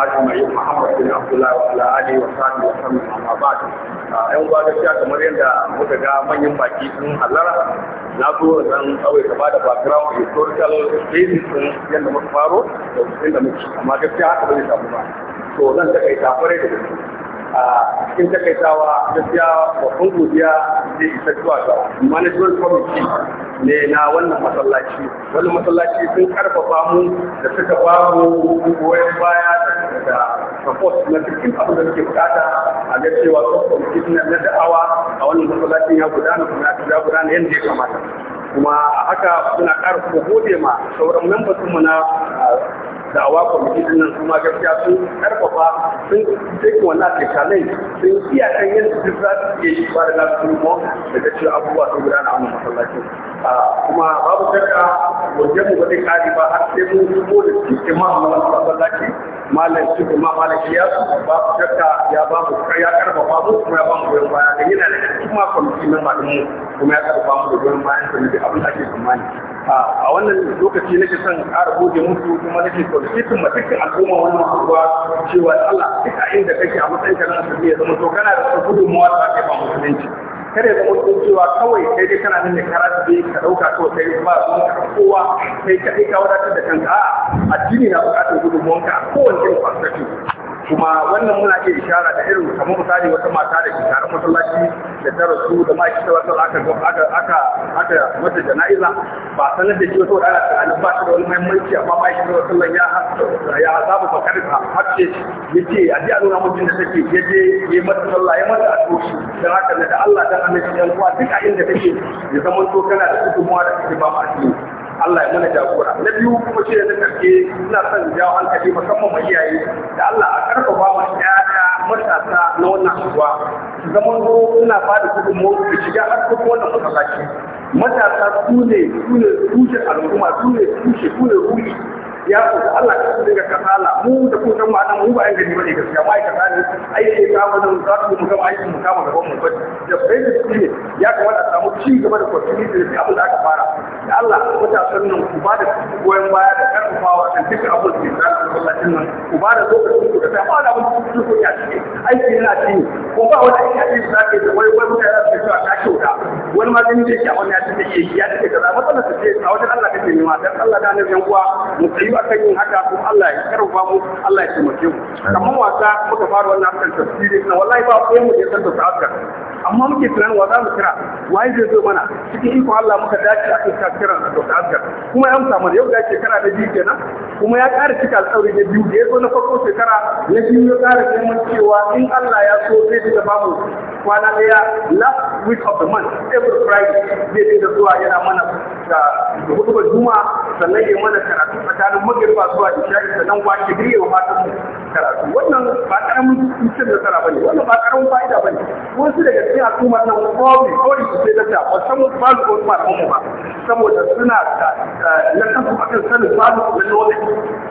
أجمعين محمد بن عبد wa وعلى wa وصحبه وسلم أما بعد ‘yan uwa gaskiya kamar yadda muka ga manyan baki sun halara. na zo zan kawai ka bada background historical basis din yadda muka faro da yadda muke amma gaskiya haka bai samu ba to zan takaita kwarai da gaske a cikin takaitawa gaskiya babban godiya da isa zuwa ga management committee ne na wannan masallaci wannan masallaci sun karfafa mu da suka ba mu goyon baya da support na cikin abin da suke bukata a ga cewa committee na da'awa a wannan masallacin ya gudana kuma ya gudana yadda ya kamata kuma haka suna karfafa gode ma sauran membersu mu na da awa kwamitin nan kuma gaskiya sun karfafa sun take wannan ke challenge sun iya kan yin su za su ke shi ba da za su kuma daga cewa abubuwa sun gudana a wannan masallacin kuma babu shakka wajen mu ba kari ba har sai mun zubo da su ke ma a wannan masallaci malam shi kuma malam shi ya su babu shakka ya ba mu kai ya karfafa mu kuma ya ba mu goyon baya da yana da kuma kwamitin nan ba mu kuma ya karfafa mu da goyon bayan da abin da ake tsammani a wannan lokaci nake son ƙara goge musu kuma nake solicitin ma al'umma wannan kuwa cewa Allah duka inda kake a matsayin ka na asali ya zama to kana da wata gudunmuwa da ke ba musulunci kada ya zama cewa kawai kai dai kana nan da karatu dai ka ɗauka to kai ba su ka kowa kai kaɗai ka wadatar da kanka A addini na bukatar gudunmuwanka a kowane irin perspective kuma wannan muna iya ishara da irin kamar misali wata mata da ke taron masallaci da ta rasu da ma ta wasu aka aka aka aka mata jana'iza ba sanar da shi wata wadana ta alif ba da wani muhimmanci amma ba shi da wasu sallan ya ya hasabu bakar ya ce a ji a nuna mutum da take ya je ya mata sallah ya mata addu'a dan haka da Allah ta annabi yan uwa duk a inda take ya zama to kana da gudunmuwa da kake ba ma addini Allah ya mana jagora na biyu kuma shi na karshe ina son jawo hankali musamman ma iyaye da Allah a karfafa wa ta matasa na wannan anguwa su zama ina suna bada gudunmawar ki shiga ko wannan masallaci matasa su ne su ne tushen al'umma su ne tushe su ne ruhi ya ko Allah ka su daga kasala mu da ku san ma mu ba aiki bane gaskiya mai kasala ne aiki ka mu da za mu ga aiki mu kama gaban mu ba da sai da shi ya kamata a samu ci gaba da continuity da abu da aka fara da Allah matasan nan ku ba da goyon baya da karfafawa da duk abu da za ku masallacin nan ku ba da lokacin ku da da ku ku ya ci aiki yana ci ko ba wani aiki a cikin ke da wai wai mutane da ka ta kyauta wani ma gani da a wannan ya ce da ta ce a wajen Allah kake dan Allah da yan uwa mu tsayi akan yin haka ko Allah ya karfa mu Allah ya taimake mu kamar wasa muka fara wannan harkar tafsiri na wallahi ba ko mu ya san da harkar amma muke tunanin wasa mu kira wai zai zo mana cikin iko Allah muka dace a akan na da harkar kuma ya amsa mana yau da shekara da biyu kenan kuma ya ƙara cika alƙawari da biyu da ya zo na farko shekara na biyu ya ƙara neman cewa in Allah ya so zai dinga ba mu kwana ɗaya last week of the month every Friday zai dinga zuwa yana mana da hutubar juma sannan ya mana karatu tsakanin magariba zuwa isha'i sannan washe gari ya mata su karatu wannan ba karamin cin nasara ne wannan ba karamin fa'ida bane wasu daga cikin al'ummar nan kawai kawai su sai data ba san ba su kuma malamanmu ba saboda suna na kansu akan sanin ba su kuma lokaci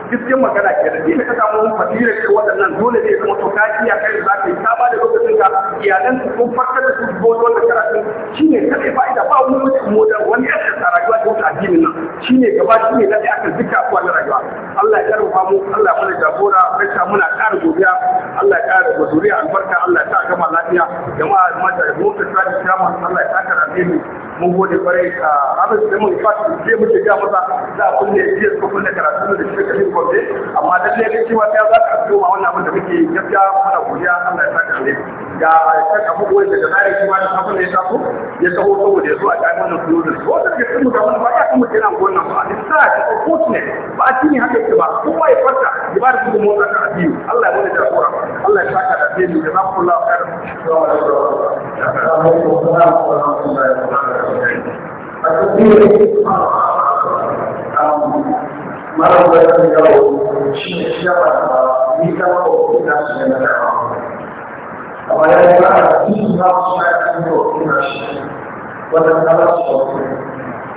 gaskiyar magana ke da inda ka samu fasira ce waɗannan dole ne kuma to kaji ya kai za ka yi ta ba da lokacin ka iyalan su sun farkar da su ko wannan karatun shine kadai fa'ida ba wani mutum modan wani ya tsara rayuwa da wata addinin nan shi ne gaba shi ne daɗe akan duka abuwa na rayuwa Allah ya rufa mu Allah mana jagora rasha muna ƙara godiya Allah ya ƙara wa albarka Allah ya sa lafiya jama'a mata da mu ta tsari kama Allah ya saka rabe mu mun gode kwarai a abin da mun fata sai muke ga maza za a kunne jiya ko kunne karatu da shi kafin gobe amma da ne cewa ya za ka koma wannan abin da muke gaskiya muna godiya Allah ya saka rabe ga a abubuwan da da zai kuma da ya tafi ya taho saboda ya zo a kai wannan su da su wanda daga cikin da wani ba ya kuma jiran gona ba a lissafi ko kotune ba a cinye haka yake ba kuma ya farka ya ba da su gudunmu a kan abiyu Allah ya wani jagora Allah ya saka da zai da za ku lawa kar. Mara da ya kawo shi ne shi ya fata ni kama ko ina shi ne na kama. Amma ya yi ba a cikin na wasu na ya kan yi wa ina shi ne. Wannan kama su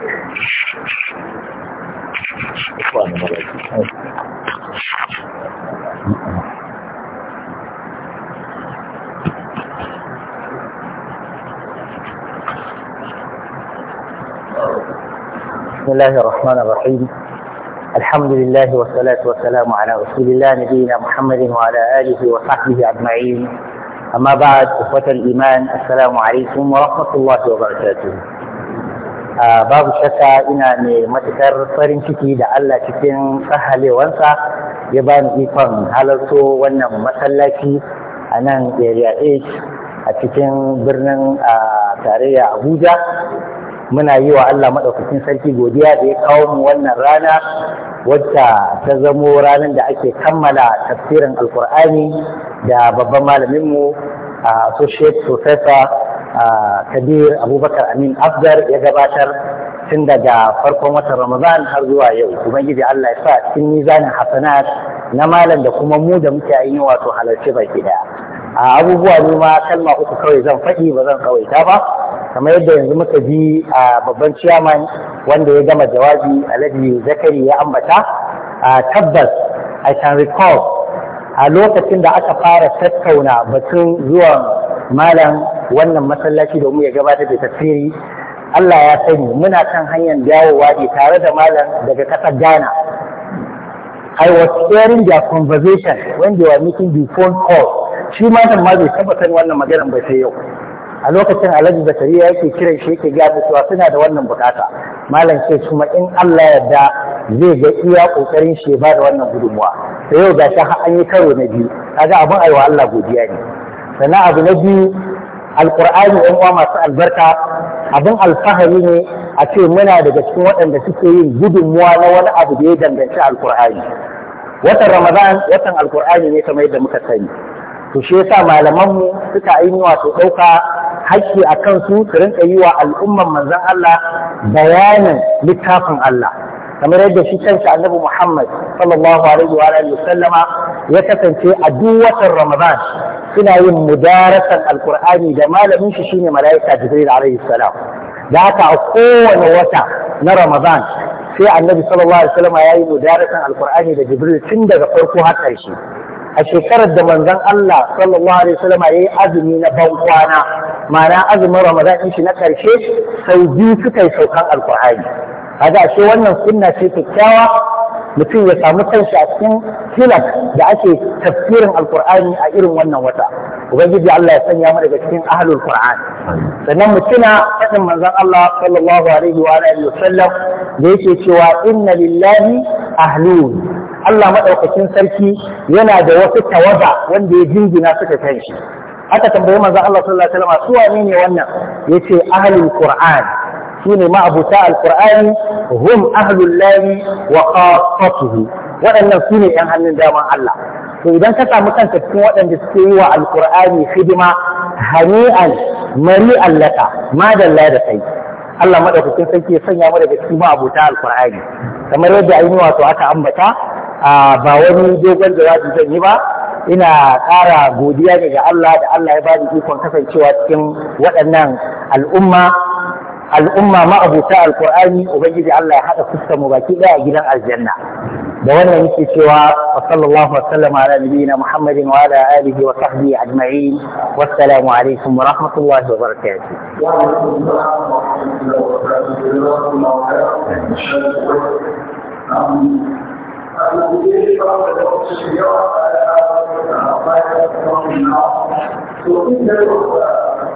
بسم الله الرحمن الرحيم الحمد لله والصلاة والسلام على رسول الله نبينا محمد وعلى آله وصحبه أجمعين أما بعد إخوة الإيمان السلام عليكم ورحمة الله وبركاته babu shakka ina mai matuƙar farin ciki da Allah cikin tsahalewansa ya ba ni ikon halarto wannan masallaci a nan area 8 a cikin birnin tarayya Abuja muna yi wa Allah maɗaukakin sarki godiya da ya kawo mu wannan rana wadda ta zamo ranar da ake kammala tafsirin alkur'ani da babban malaminmu a associate professor kabir abubakar amin afgar ya gabatar tun daga farkon watan ramadan har zuwa yau ubangiji allah ya sa cikin nizanin hasanat na malam da kuma mu da muke yi wato halarci baki daya a abubuwa ne ma kalma uku kawai zan faɗi ba zan kawaita ba kamar yadda yanzu muka ji a babban ciyaman wanda ya gama jawabi alhaji zakari ya ambata a tabbas i can recall a lokacin da aka fara tattauna batun zuwan malam wannan masallaci domin ya gabatar da tasiri Allah ya sani muna kan hanyar dawowa ne tare da malam daga ƙasar Ghana. I was hearing their conversation when they were making the phone call. Shi malam ma bai tabbatar wannan maganar ba sai yau. a lokacin alhaji zakariya yake kiran shi yake gaya cewa suna da wannan bukata malam ce kuma in Allah yarda zai ga iya kokarin shi ba da wannan gudunmuwa da yau ga shi an yi karo na biyu kaga abin aiwa Allah godiya ne sannan abu na biyu alqur'ani ɗan uwa masu albarka abin alfahari ne a ce muna daga cikin waɗanda suke yin gudunmuwa na wani abu da ya danganci alqur'ani watan ramadan watan alqur'ani ne kamar yadda muka sani to shi yasa malamanmu suka ainihi wato ɗauka hakki a kansu su rinka yi wa al'umman manzon Allah bayanin littafin Allah kamar yadda shi kansa annabi Muhammad sallallahu alaihi wa alihi sallama ya kasance a duk watan Ramadan suna yin mudarasan alqur'ani da malamin shi shine malaika Jibril alaihi salam da haka a kowane wata na Ramadan sai annabi sallallahu alaihi wasallama yayi mudarasan alqur'ani da Jibril tun daga farko har ƙarshe a shekarar da manzon Allah sallallahu alaihi wasallam yayi azumi na bankwana ma'ana azumin Ramadan din shi na karshe sau biyu suka yi saukan alkur'ani kaga ashe wannan sunna ce kyakkyawa mutum ya samu kanshi a cikin da ake tafsirin alkur'ani a irin wannan wata ubangiji Allah ya sanya mu daga cikin ahlul qur'an sannan mu tuna fadin manzon Allah sallallahu alaihi wa alihi wasallam da yake cewa inna lillahi ahlun Allah madaukakin sarki yana da wasu tawada wanda ya jingina suka kanshi aka tambayi manzon Allah sallallahu alaihi wasallam su wane ne wannan yace ahlul qur'an su ne ma'abuta alƙur'ani hum ahlullahi wa khassatuhu waɗannan su ne ‘yan hannun daman Allah to idan ka samu kanka cikin waɗanda suke yi wa alƙur'ani hidima hani'an mari'an laka madalla da kai Allah madaukakin sarki ya sanya mu daga cikin ma'abuta alƙur'ani kamar yadda ainihi wato aka ambata ba wani dogon jawabi zan yi ba ina ƙara godiya ne ga Allah da Allah ya bani ikon kasancewa cikin waɗannan al'umma al'umma ma abuta alqur'ani ubangiji Allah ya hada fuskar mu baki daya a gidan aljanna da wannan yake cewa wa sallallahu wa sallama ala nabiyyina muhammadin wa ala alihi wa sahbihi ajma'in wassalamu alaikum wa rahmatullahi wa barakatuh So,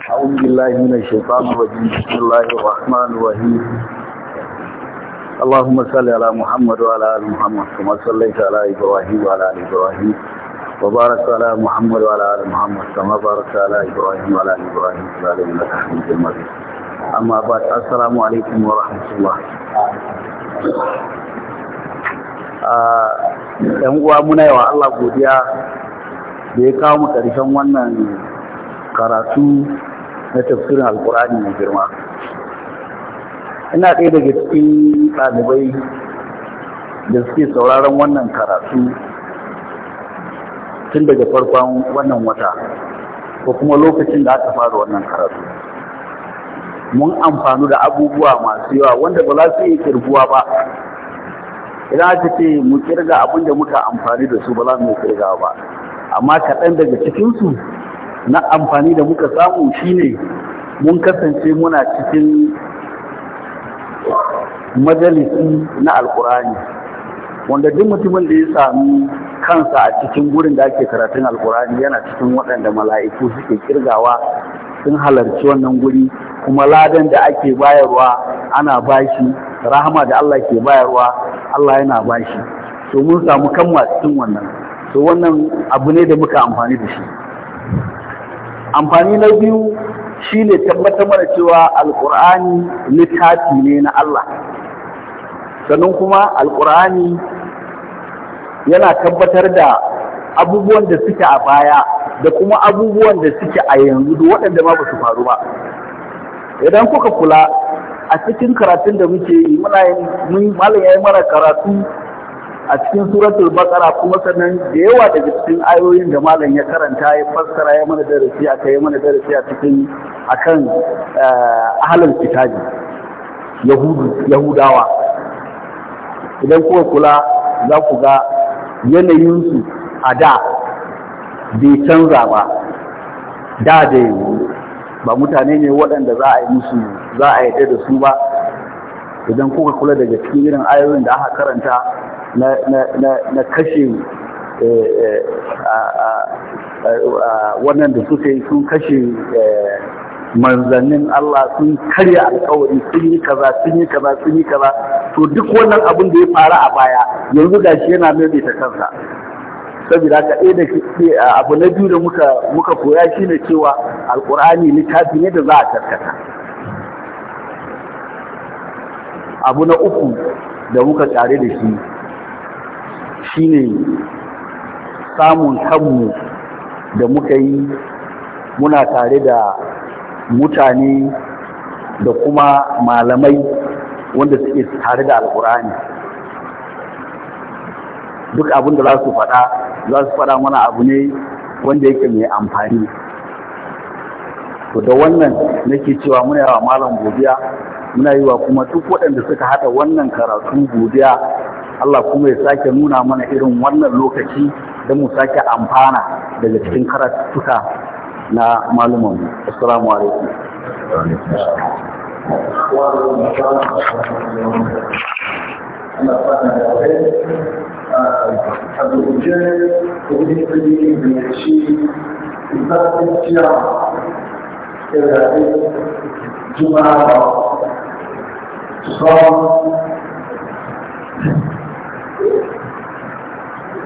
أعوذ بالله من الشيطان الرجيم بسم الله الرحمن الرحيم اللهم صل على محمد وعلى آل محمد كما صليت على إبراهيم وعلى آل إبراهيم وبارك على محمد وعلى آل محمد كما باركت على إبراهيم وعلى آل إبراهيم في العالمين إنك حميد مجيد أما بعد السلام عليكم ورحمة الله ‘Yan uwa muna yawa Allah godiya da ya kawo mu ƙarshen wannan karatu na tafsirin alkur'ani mai girma ina ɗaya daga cikin ɗalibai da suke sauraron wannan karatu tun daga farkon wannan wata ko kuma lokacin da aka fara wannan karatu mun amfanu da abubuwa masu yawa wanda ba za su iya kirguwa ba idan aka ce mu kirga abin da muka amfani da su ba za mu kirga ba amma kaɗan daga cikinsu na amfani da muka samu shi ne, mun kasance muna cikin majalisi na alkurani wanda duk mutumin da ya sami kansa a cikin gurin da ake karatun alkurani yana cikin waɗanda mala'iku suke kirgawa sun halarci wannan guri kuma ladan da ake bayarwa ana bashi rahama da Allah ke bayarwa Allah yana bashi to mun samu kanmu cikin wannan to wannan abu ne da muka amfani da shi amfani na biyu shi ne tabbatar mana cewa Alƙur'ani littafi ne na Allah sannan kuma Alƙur'ani yana tabbatar da abubuwan da suke a baya da kuma abubuwan da suke a yanzu da waɗanda ma ba su faru ba idan kuka kula a cikin karatun da muke yi muna yi yayi mara karatu a cikin suratul bakara kuma sannan da yawa daga cikin ayoyin da malam ya karanta ya fassara ya mana darasi aka yi mana darasi a cikin akan eh, ahlul kitabi yahudu yahudawa idan kuka kula za ku ga yanayinsu a da bai canza ba da da ba mutane ne waɗanda za a yi musu za a yi da su ba idan kuka kula daga cikin irin ayoyin da aka karanta na kashe eh, eh, wannan da suka yi sun kashe eh, manzannin Allah sun karya alkawari sun yi kaza sun yi kaza sun yi kaza to duk wannan abin da ya faru a baya yanzu shi yana maimaita kansa saboda ka ɗaya da abu na biyu da muka muka koya shine cewa alkur'ani littafi ne da za a tarkata abu na uku da muka tare da shi Shi ne samun kanmu da muka yi muna tare da mutane da kuma malamai wanda suke tare da alkur'ani duk abin da za su faɗa za su faɗa mana abu ne wanda yake mai amfani to da wannan nake cewa muna yawa malam godiya muna yi wa kuma duk waɗanda suka haɗa wannan karatu godiya Allah kuma ya sake nuna mana irin wannan lokaci da mu sake amfana daga cikin karatuka na malumanmu. Assalamu alaikum. Thank you.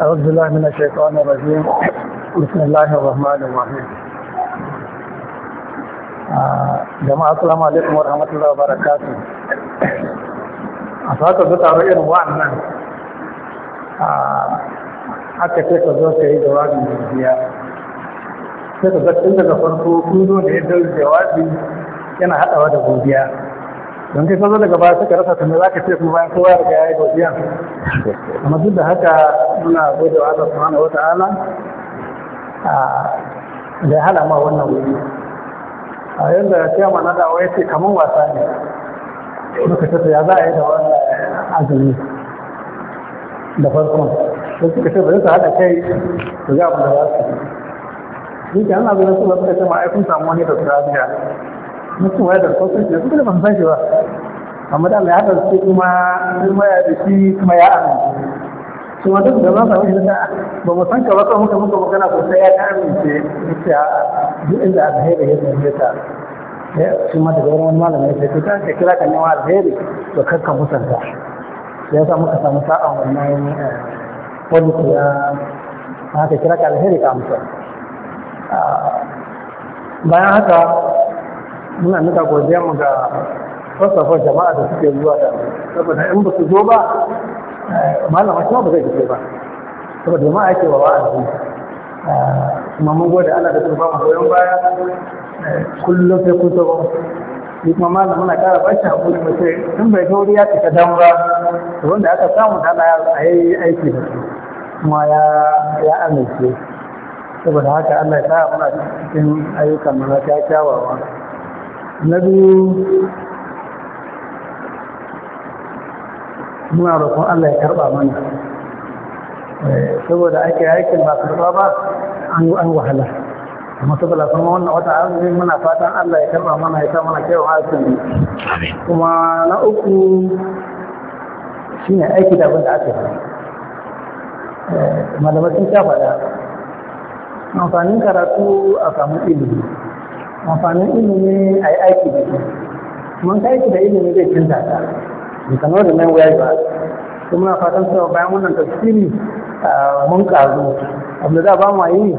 أعوذ بالله من الشيطان الرجيم بسم الله الرحمن الرحيم jama'a assalamu alaikum wa rahmatullahi wa barakatuh a saka zuwa taro irin wa'annan ka zo ka yi jawabin jirgiya sai ka zartin daga farko kun zo da ya yana haɗawa da godiya don kai sanzo daga baya suka rasa kamar za ka ce kuma bayan kowa daga ya yi godiya amma duk da haka muna gode wa Allah subhanahu wata'ala da ya hada ma wannan wuri a ya ciyama na da wai ce kamar wasa ne muka tafi ya za a yi da wannan azumi da farkon sai suka ce bari su haɗa kai su ga abin da za su yi. Dukkan Allah zai rasu da suka ce ma'aikun samu wani da su mutum waya da kwasan shi duk da ban san shi ba amma da Allah ya haɗa su kuma kuma ya da shi kuma ya amince su ma da ban samu shi da ba mu san ka ba kuma muka magana ko sai ya ta amince yace a duk inda alheri ya zama ta shi ma daga wani malamin ya ce ta ka kira ka wa alheri to kar ka musanta ya sa muka samu sa'a wannan eh, wani ta haka kira ka alheri ka amsa bayan haka muna nika godiya mu ga fasafa jama'a da suke zuwa da saboda in ba su zo ba eh, malama kuma ba zai fito ba saboda jama'a yake wa wa'azi eh, kuma mun gode Allah da su ba mu goyon baya eh, kullum sai kun ni kuma malam muna kara bashi hakuri mu sai in bai tauri ya cika dan ba wanda aka samu da Allah ya yi aiki da su kuma ya ya amince saboda haka Allah ya sa muna cikin ayyukan mu na kyawawa na biyu muna roƙon Allah ya karɓa mana eh, saboda ake aikin ba karɓa ba an an wahala amma saboda kuma wannan wata arziki muna fatan Allah ya karɓa mana ya sa mana kyau aikin kuma na uku shine aiki da abin da aka yi eh, malamai sun sha faɗa amfanin karatu a samun ilimi amfanin ilimi a yi aiki da shi kuma ka aiki da ilimi zai canza ta da kano da nan wuya ba su muna fatan cewa bayan wannan tafsiri mun karu abu da ba mu yi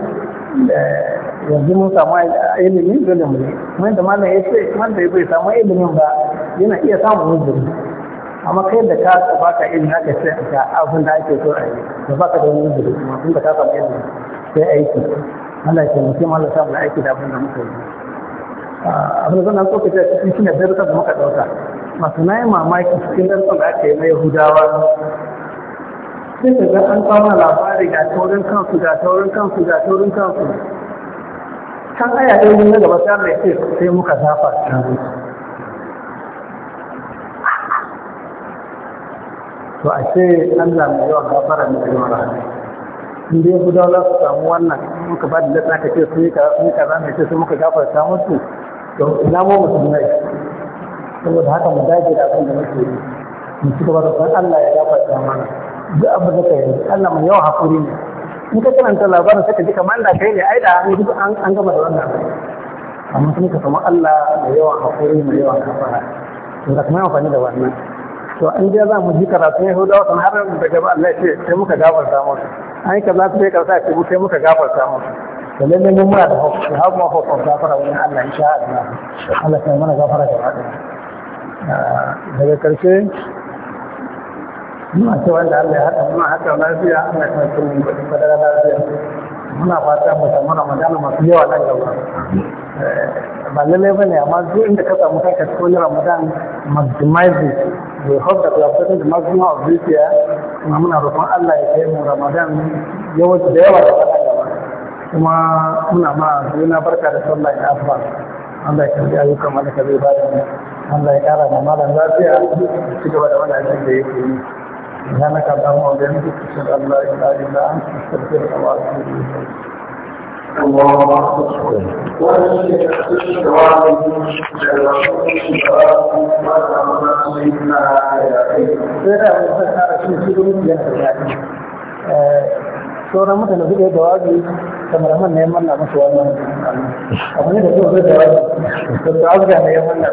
eh, yanzu mun samu ilimin dole mu ne kuma da malam ya ce wanda ya bai samu ilimin ba yana iya samun uzuri amma kai da ka baka ilimi aka ce ga abin da ake so a yi da baka da wani uzuri kuma da ka ta samu ilimi sai aiki Allah ya ce mutum Allah ta mu aiki da abin da muka yi abin da zan so ka ce cikin shi ne darussan muka ɗauka masu na yi mamaki cikin darussan da aka yi na yahudawa sai ka ga an fara labari ga taurin kansu ga taurin kansu ga taurin kansu kan aya ɗaya na gaba ta mai ce sai muka zafa ta to a ce an zama yawan gafara mai yawan rahama in dai gudanar su samu wannan muka ba da latsa ka ce sun yi kaza sun yi kaza mai ce sun muka gafarta musu don ina mu musulmai saboda haka mu dage da abin da muke yi mu ci gaba da san Allah ya gafarta mana duk abin da ka yi Allah mai yawan hakuri ne in ka karanta labarin sai ka ji da kai ne ai da an duk an gama da wannan amma sun ka samu Allah mai yawan hakuri mai yawan kafara to da kuma amfani da wannan to an je za mu ji karatu ne, Yahudawa kan har da gaba Allah ya ce sai muka gafarta musu an yi kaza sai karsa ce mu sai muka gafarta musu da lalle mun muna da hofu har ma hofu gafara wurin Allah insha Allah Allah sai mana gafara da wadin daga karshe muna ce wanda Allah ya haɗa muna haɗa lafiya Allah ya kuma mun kuɗi fadara lafiya muna fata mu samu Ramadan masu yawa nan gaba ba lalle ba ne amma duk inda ka samu kanka cikin Ramadan maximizing we hope that we are getting the maximum of this year kuma muna roƙon Allah ya kai mu Ramadan yawa da yawa da kuma muna ma juna barka da sallah ya afa Allah ya kalli ayyukan malaka zai ba da Allah ya kara da malam lafiya ci gaba da wani aikin da yake yi سبحانك اللهم yi اشهد ان لا اله الا yi استغفرك واتوب اليك الله اكبر واشهد ان yi. sauran mutane suka yi jawabi kamaraman na yamman na masu wannan abu ne da su zai jawabi da su abuja na yamman na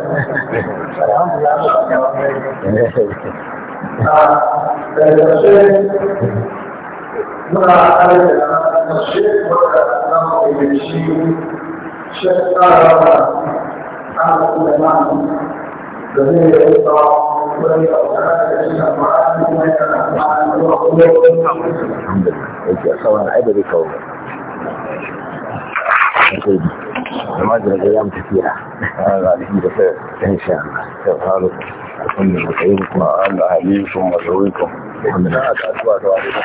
alhamdulillah mu ba jawabi da ƙarshe muna kare da ƙarshe wanda za mu ɗaya shi a an da man da zai yi سواء عدد كونه نماذج الايام كثيره ان شاء الله تظهر كل مطعمكم واهل اهاليكم وزوجكم الحمد لله اسواق وعليكم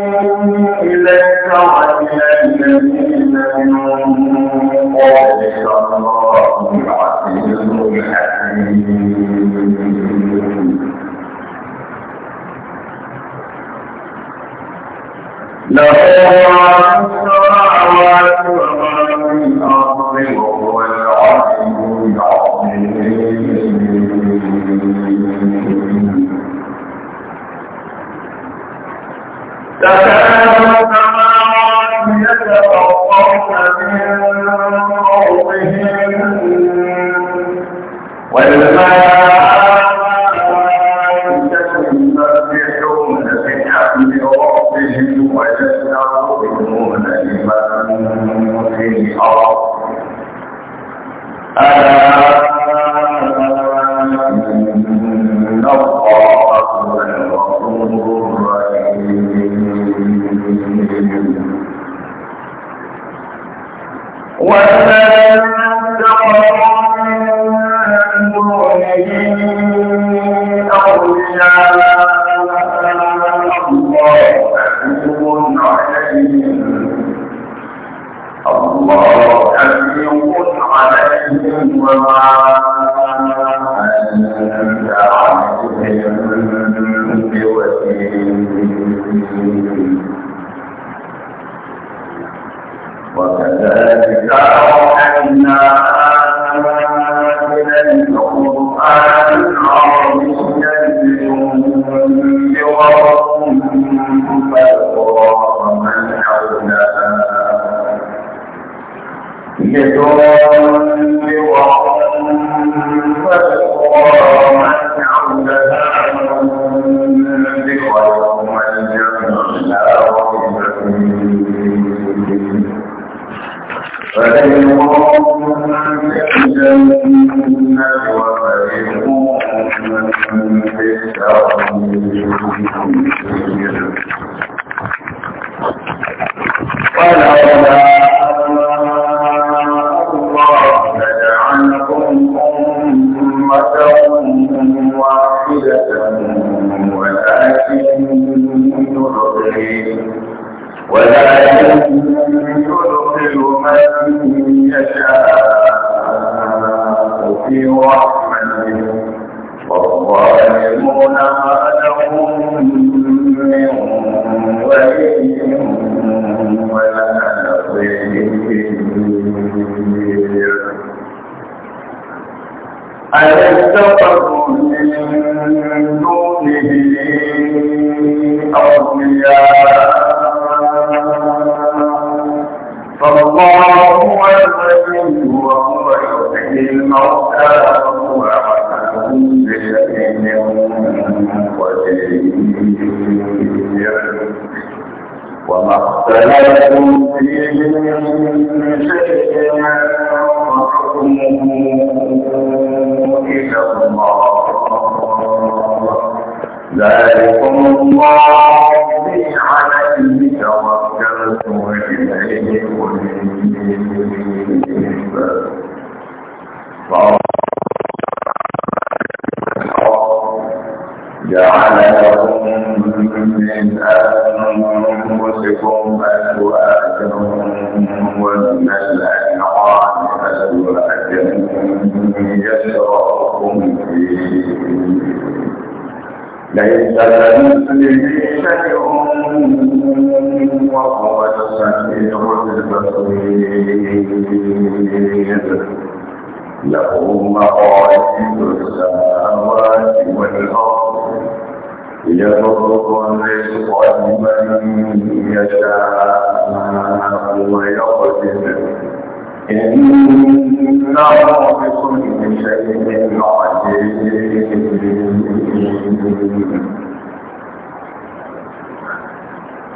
لَهُ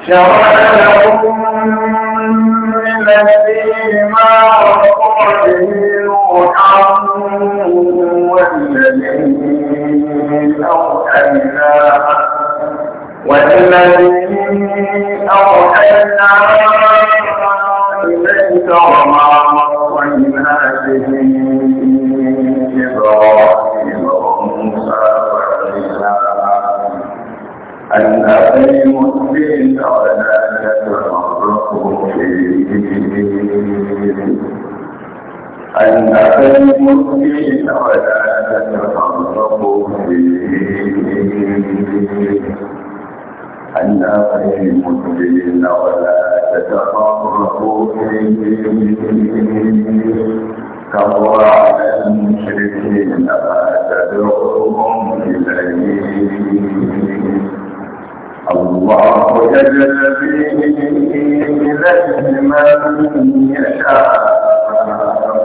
شرع لهم من ما وقع به نوحا والذين أوحينا والذين أوحينا إليك وما وصينا به إبراهيم وموسى وعيسى أن المؤمنين ولا تتحرقوا أن غير المسلمين ولا تتقربوا فيه كبر على المشركين ما تدعوهم إليه الله يجلبي إليه من يشاء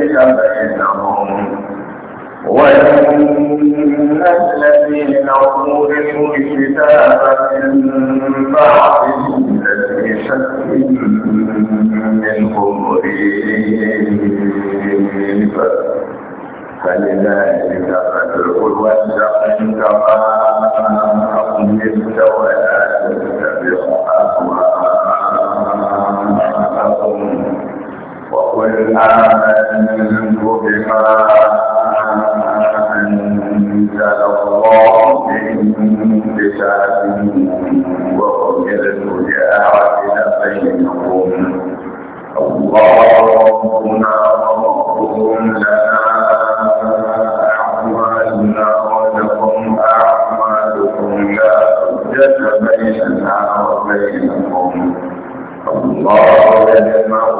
بسبعهم وإن الذين أورثوا الكتاب من بعد لفي شك منه مريب فلذلك فادعوا واتقوا كما آمنوا بما أنزل الله من كتاب وأمرت لأعدل بينهم اللهم ربهم لنا أعمالنا ولكم أعمالكم لا حجة بيننا وبينكم الله يجمع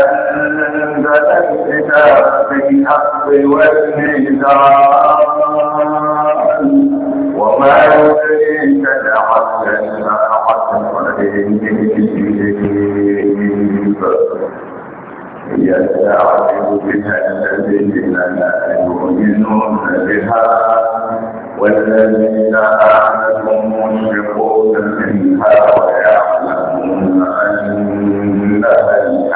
أنزل الكتاب بالحق والميزان وما يدريك لعل الساعة قريب يستعجب بها الذين لا يؤمنون بها والذين آمنوا مشفقون منها ويعلمون أنها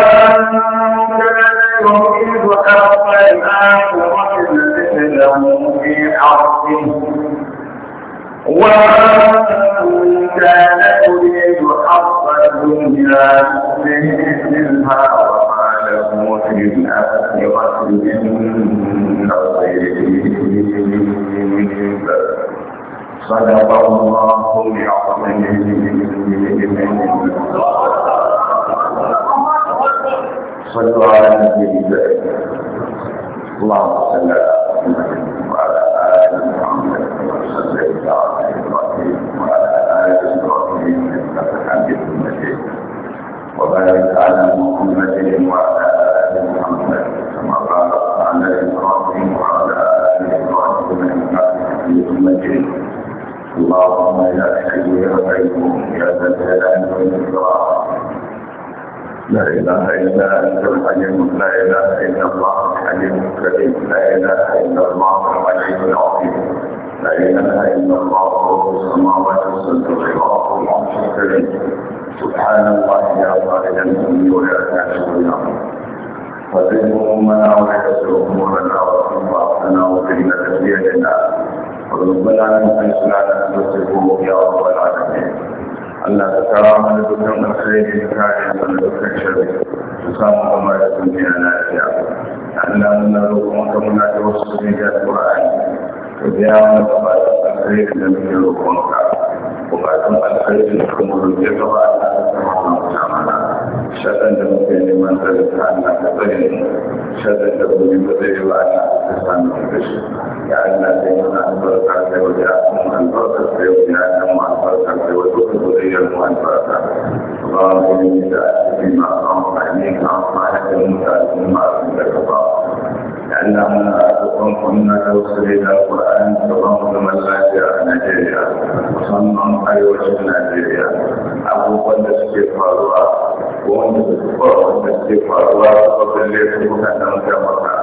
والآخرة له في حقه ومن كان يريد حق الدنيا نؤتيه منها وما له في الآخرة من نصيب صدق الله العظيم الله عليه وسلم اللهم صل على محمد وعلى آل محمد وسلم على إبراهيم وعلى آل إبراهيم إنك حميد مجيد وبارك على محمد وعلى آل محمد كما باركت على إبراهيم وعلى آل إبراهيم إنك حميد مجيد اللهم يا حي يا يا ذا الجلال والإكرام لا إله إلا أنت الحليم لا إله إلا الله الحليم الكريم لا إله إلا الله الحليم العظيم لا إله إلا الله رب السماوات والسلام رب العرش الكريم سبحان الله يا خالد الأمي ويا كاشف النار فزدهمنا ويسرهمنا وقم رأسنا وقلنا تسبيحنا وذنبنا من أنسنا نفسه يا رب العالمين Allah ta kawo mana dukkan alkhairi da kare mana dukkan shirin su samu gama da duniya lafiya Allah muna roƙon ka muna da wasu su ne da Qur'ani ka biya mana gaba da alkhairi da muke roƙon ka bukatun alkhairi da kuma roƙe gaba a ka samu shaɗan da muke neman tsare ta Allah ka tsare ne shaɗan da gobe ba zai yi wa Allah ka sami da shi ya Allah sai muna albarka sai wa ya kuma albarka sai wa ya mu albarka sai da duka zuriyar mu albarka اللهم إني سألت بما أنفعنيك أنفعك المتعلم ما أنزلك da لأنهم أعطكم كنا نوصل إلى القرآن تضمن من لا جاء نجيريا وصنعهم أيوة Najeriya. أبو da suke faruwa. ko wanda ba su wanda ke faruwa a kafin laifin na wanda maka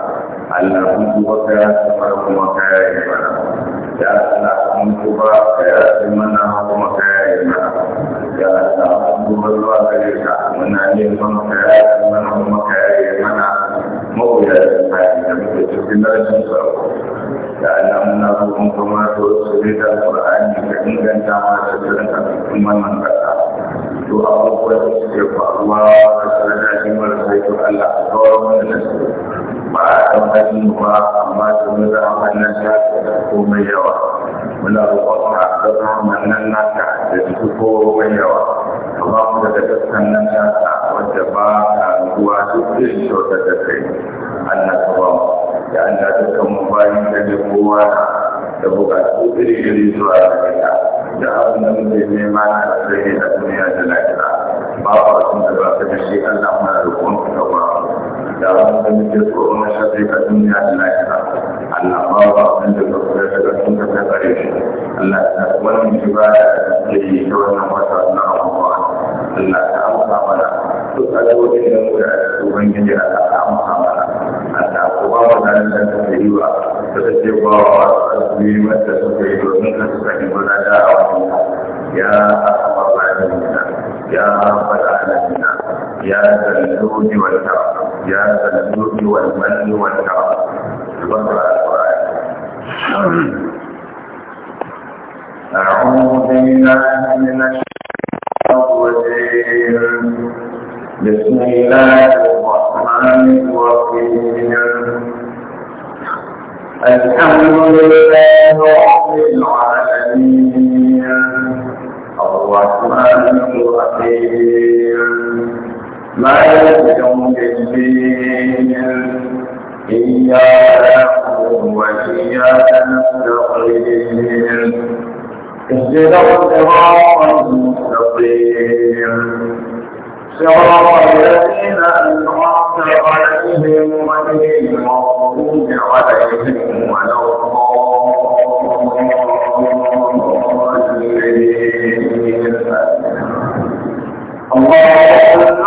Allah kun ji wata ya kuma kuma ka yi mana ya sana kun ji ba ka mana kuma ka mana ya sana kun ba zuwa gare ka muna neman ka yayi mana kuma ka yi mana mabuya da kayan da muke cikin rashin tsaro da Allah muna roƙon kuma to su ne da Qur'ani ka inganta ma da tsirin a cikin wannan to abubuwan da suke faruwa a sanadin marasa yi Allah a kawar mana su ba a kan hajji ba amma su ne da amannan ta komai yawa muna roƙon ka da amannan naka da ko komai yawa amma mu daga dukkan nan naka wadda ba ka zuwa duk irin kyautar da kai Allah ka ba da an ta mu bayan da da kowa da bukatu iri iri zuwa da kaita da abin da muke nema na tsaye a duniya da lafiya ba ku abin da ba ka da shi Allah muna roƙon ku da ba da abin da muke tsoro na shafi a duniya da lafiya Allah ba ku abin da ba ku da daga sun ka ta kare shi Allah ta wannan ba da take yi ta wannan wata na Ramadan Allah ta amsa mana duk alƙawarin da muka yi يا أرحم الراحمين يا رب العالمين يا ذا الجود والكرم يا ذا الجود والمن والكرم أعوذ بالله من الشيطان الرجيم بسم الله الرحمن الرحيم الحمد لله رب العالمين الرحمن الرحيم مالك يوم الدين إياك نعبد وإياك نستعين اهدنا الصراط المستقيم صراط الذين أنعمت عليهم غير المغضوب عليهم ولا الضالين اللهم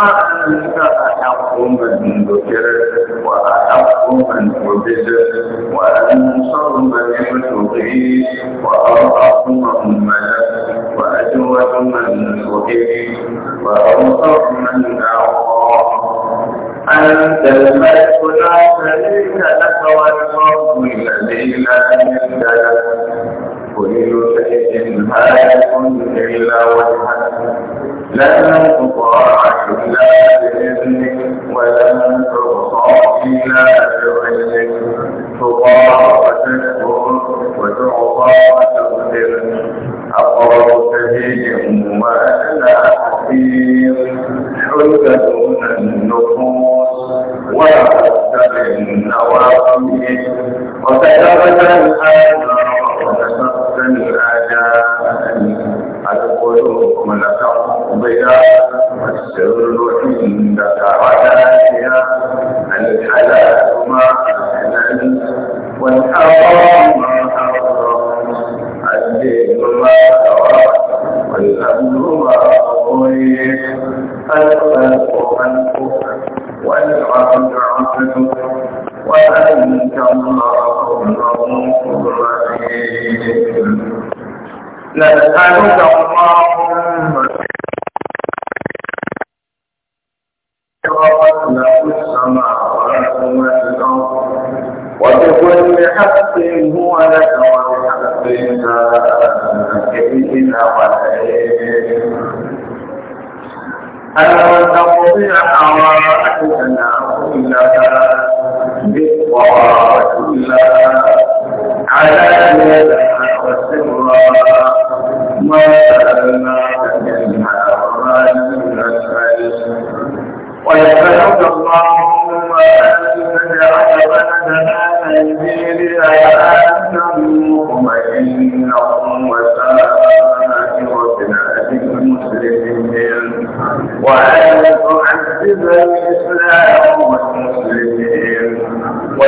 انت احق من ذكر واحق من عبد وانصر من ابتغي وارحق من ملك واجود من سئل واوصف من اعطى أنت الملك لا شريك لك والمرض الذي لا مثل لك كل شيء هالك إلا وجهك لن تطاع إلا بإذنك ولن تحصى إلا بعلمك تطاع وتشكر وتعصى وتغفر أقرب سبيل وأنا حفيظ حجة النفوس ولا تتبع النواقي وكتبت الآثار ونسخت الآجال القلوب الضياء والسر عندك عتاكيا الحلال ما حلل والحرام ما حرم الدين ما ترك والأمر ما قضيت الخلق خلقك والعبد عبدك وأنت الله رؤوف رحيم نسألك اللهم شرقت له السماوات والأرض وبكل حق هو لك والحق إلى وليل أن تقضي حوائجنا كلها بالطاعة كلها على يدها وسرا ما سألناك منها وما لم نسأل ويسألك اللهم أن تجعل بلدنا نيجيريا آمنا مطمئنا وسائر المسلمين وأن تعزز الإسلام والمسلمين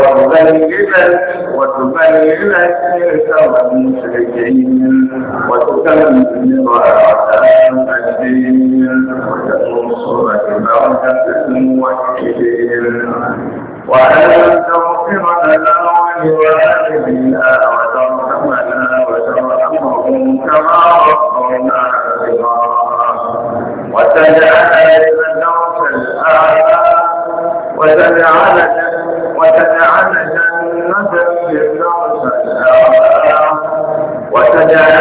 وتبين وتبين الشرك والمشركين وتكمل أعداء الدين وتنصر إبادة الموحدين وأن تغفر لنا ولوالدينا وترحمنا وترحمهم كما ربنا صغارا وتجعل لنا الآخر وتجعل وتجعل جنة الفردوس الأعلى وتجعل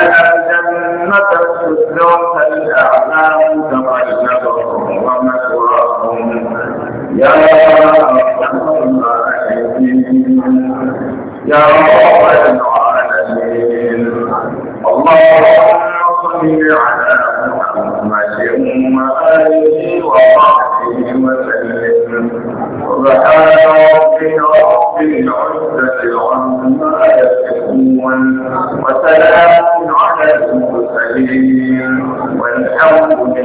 جنة الفردوس الأعلى متقلبهم يا رب العالمين يا رب العالمين اللهم صل على رب رب العزة عما يصفون وسلام على المرسلين والحمد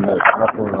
لله رب العالمين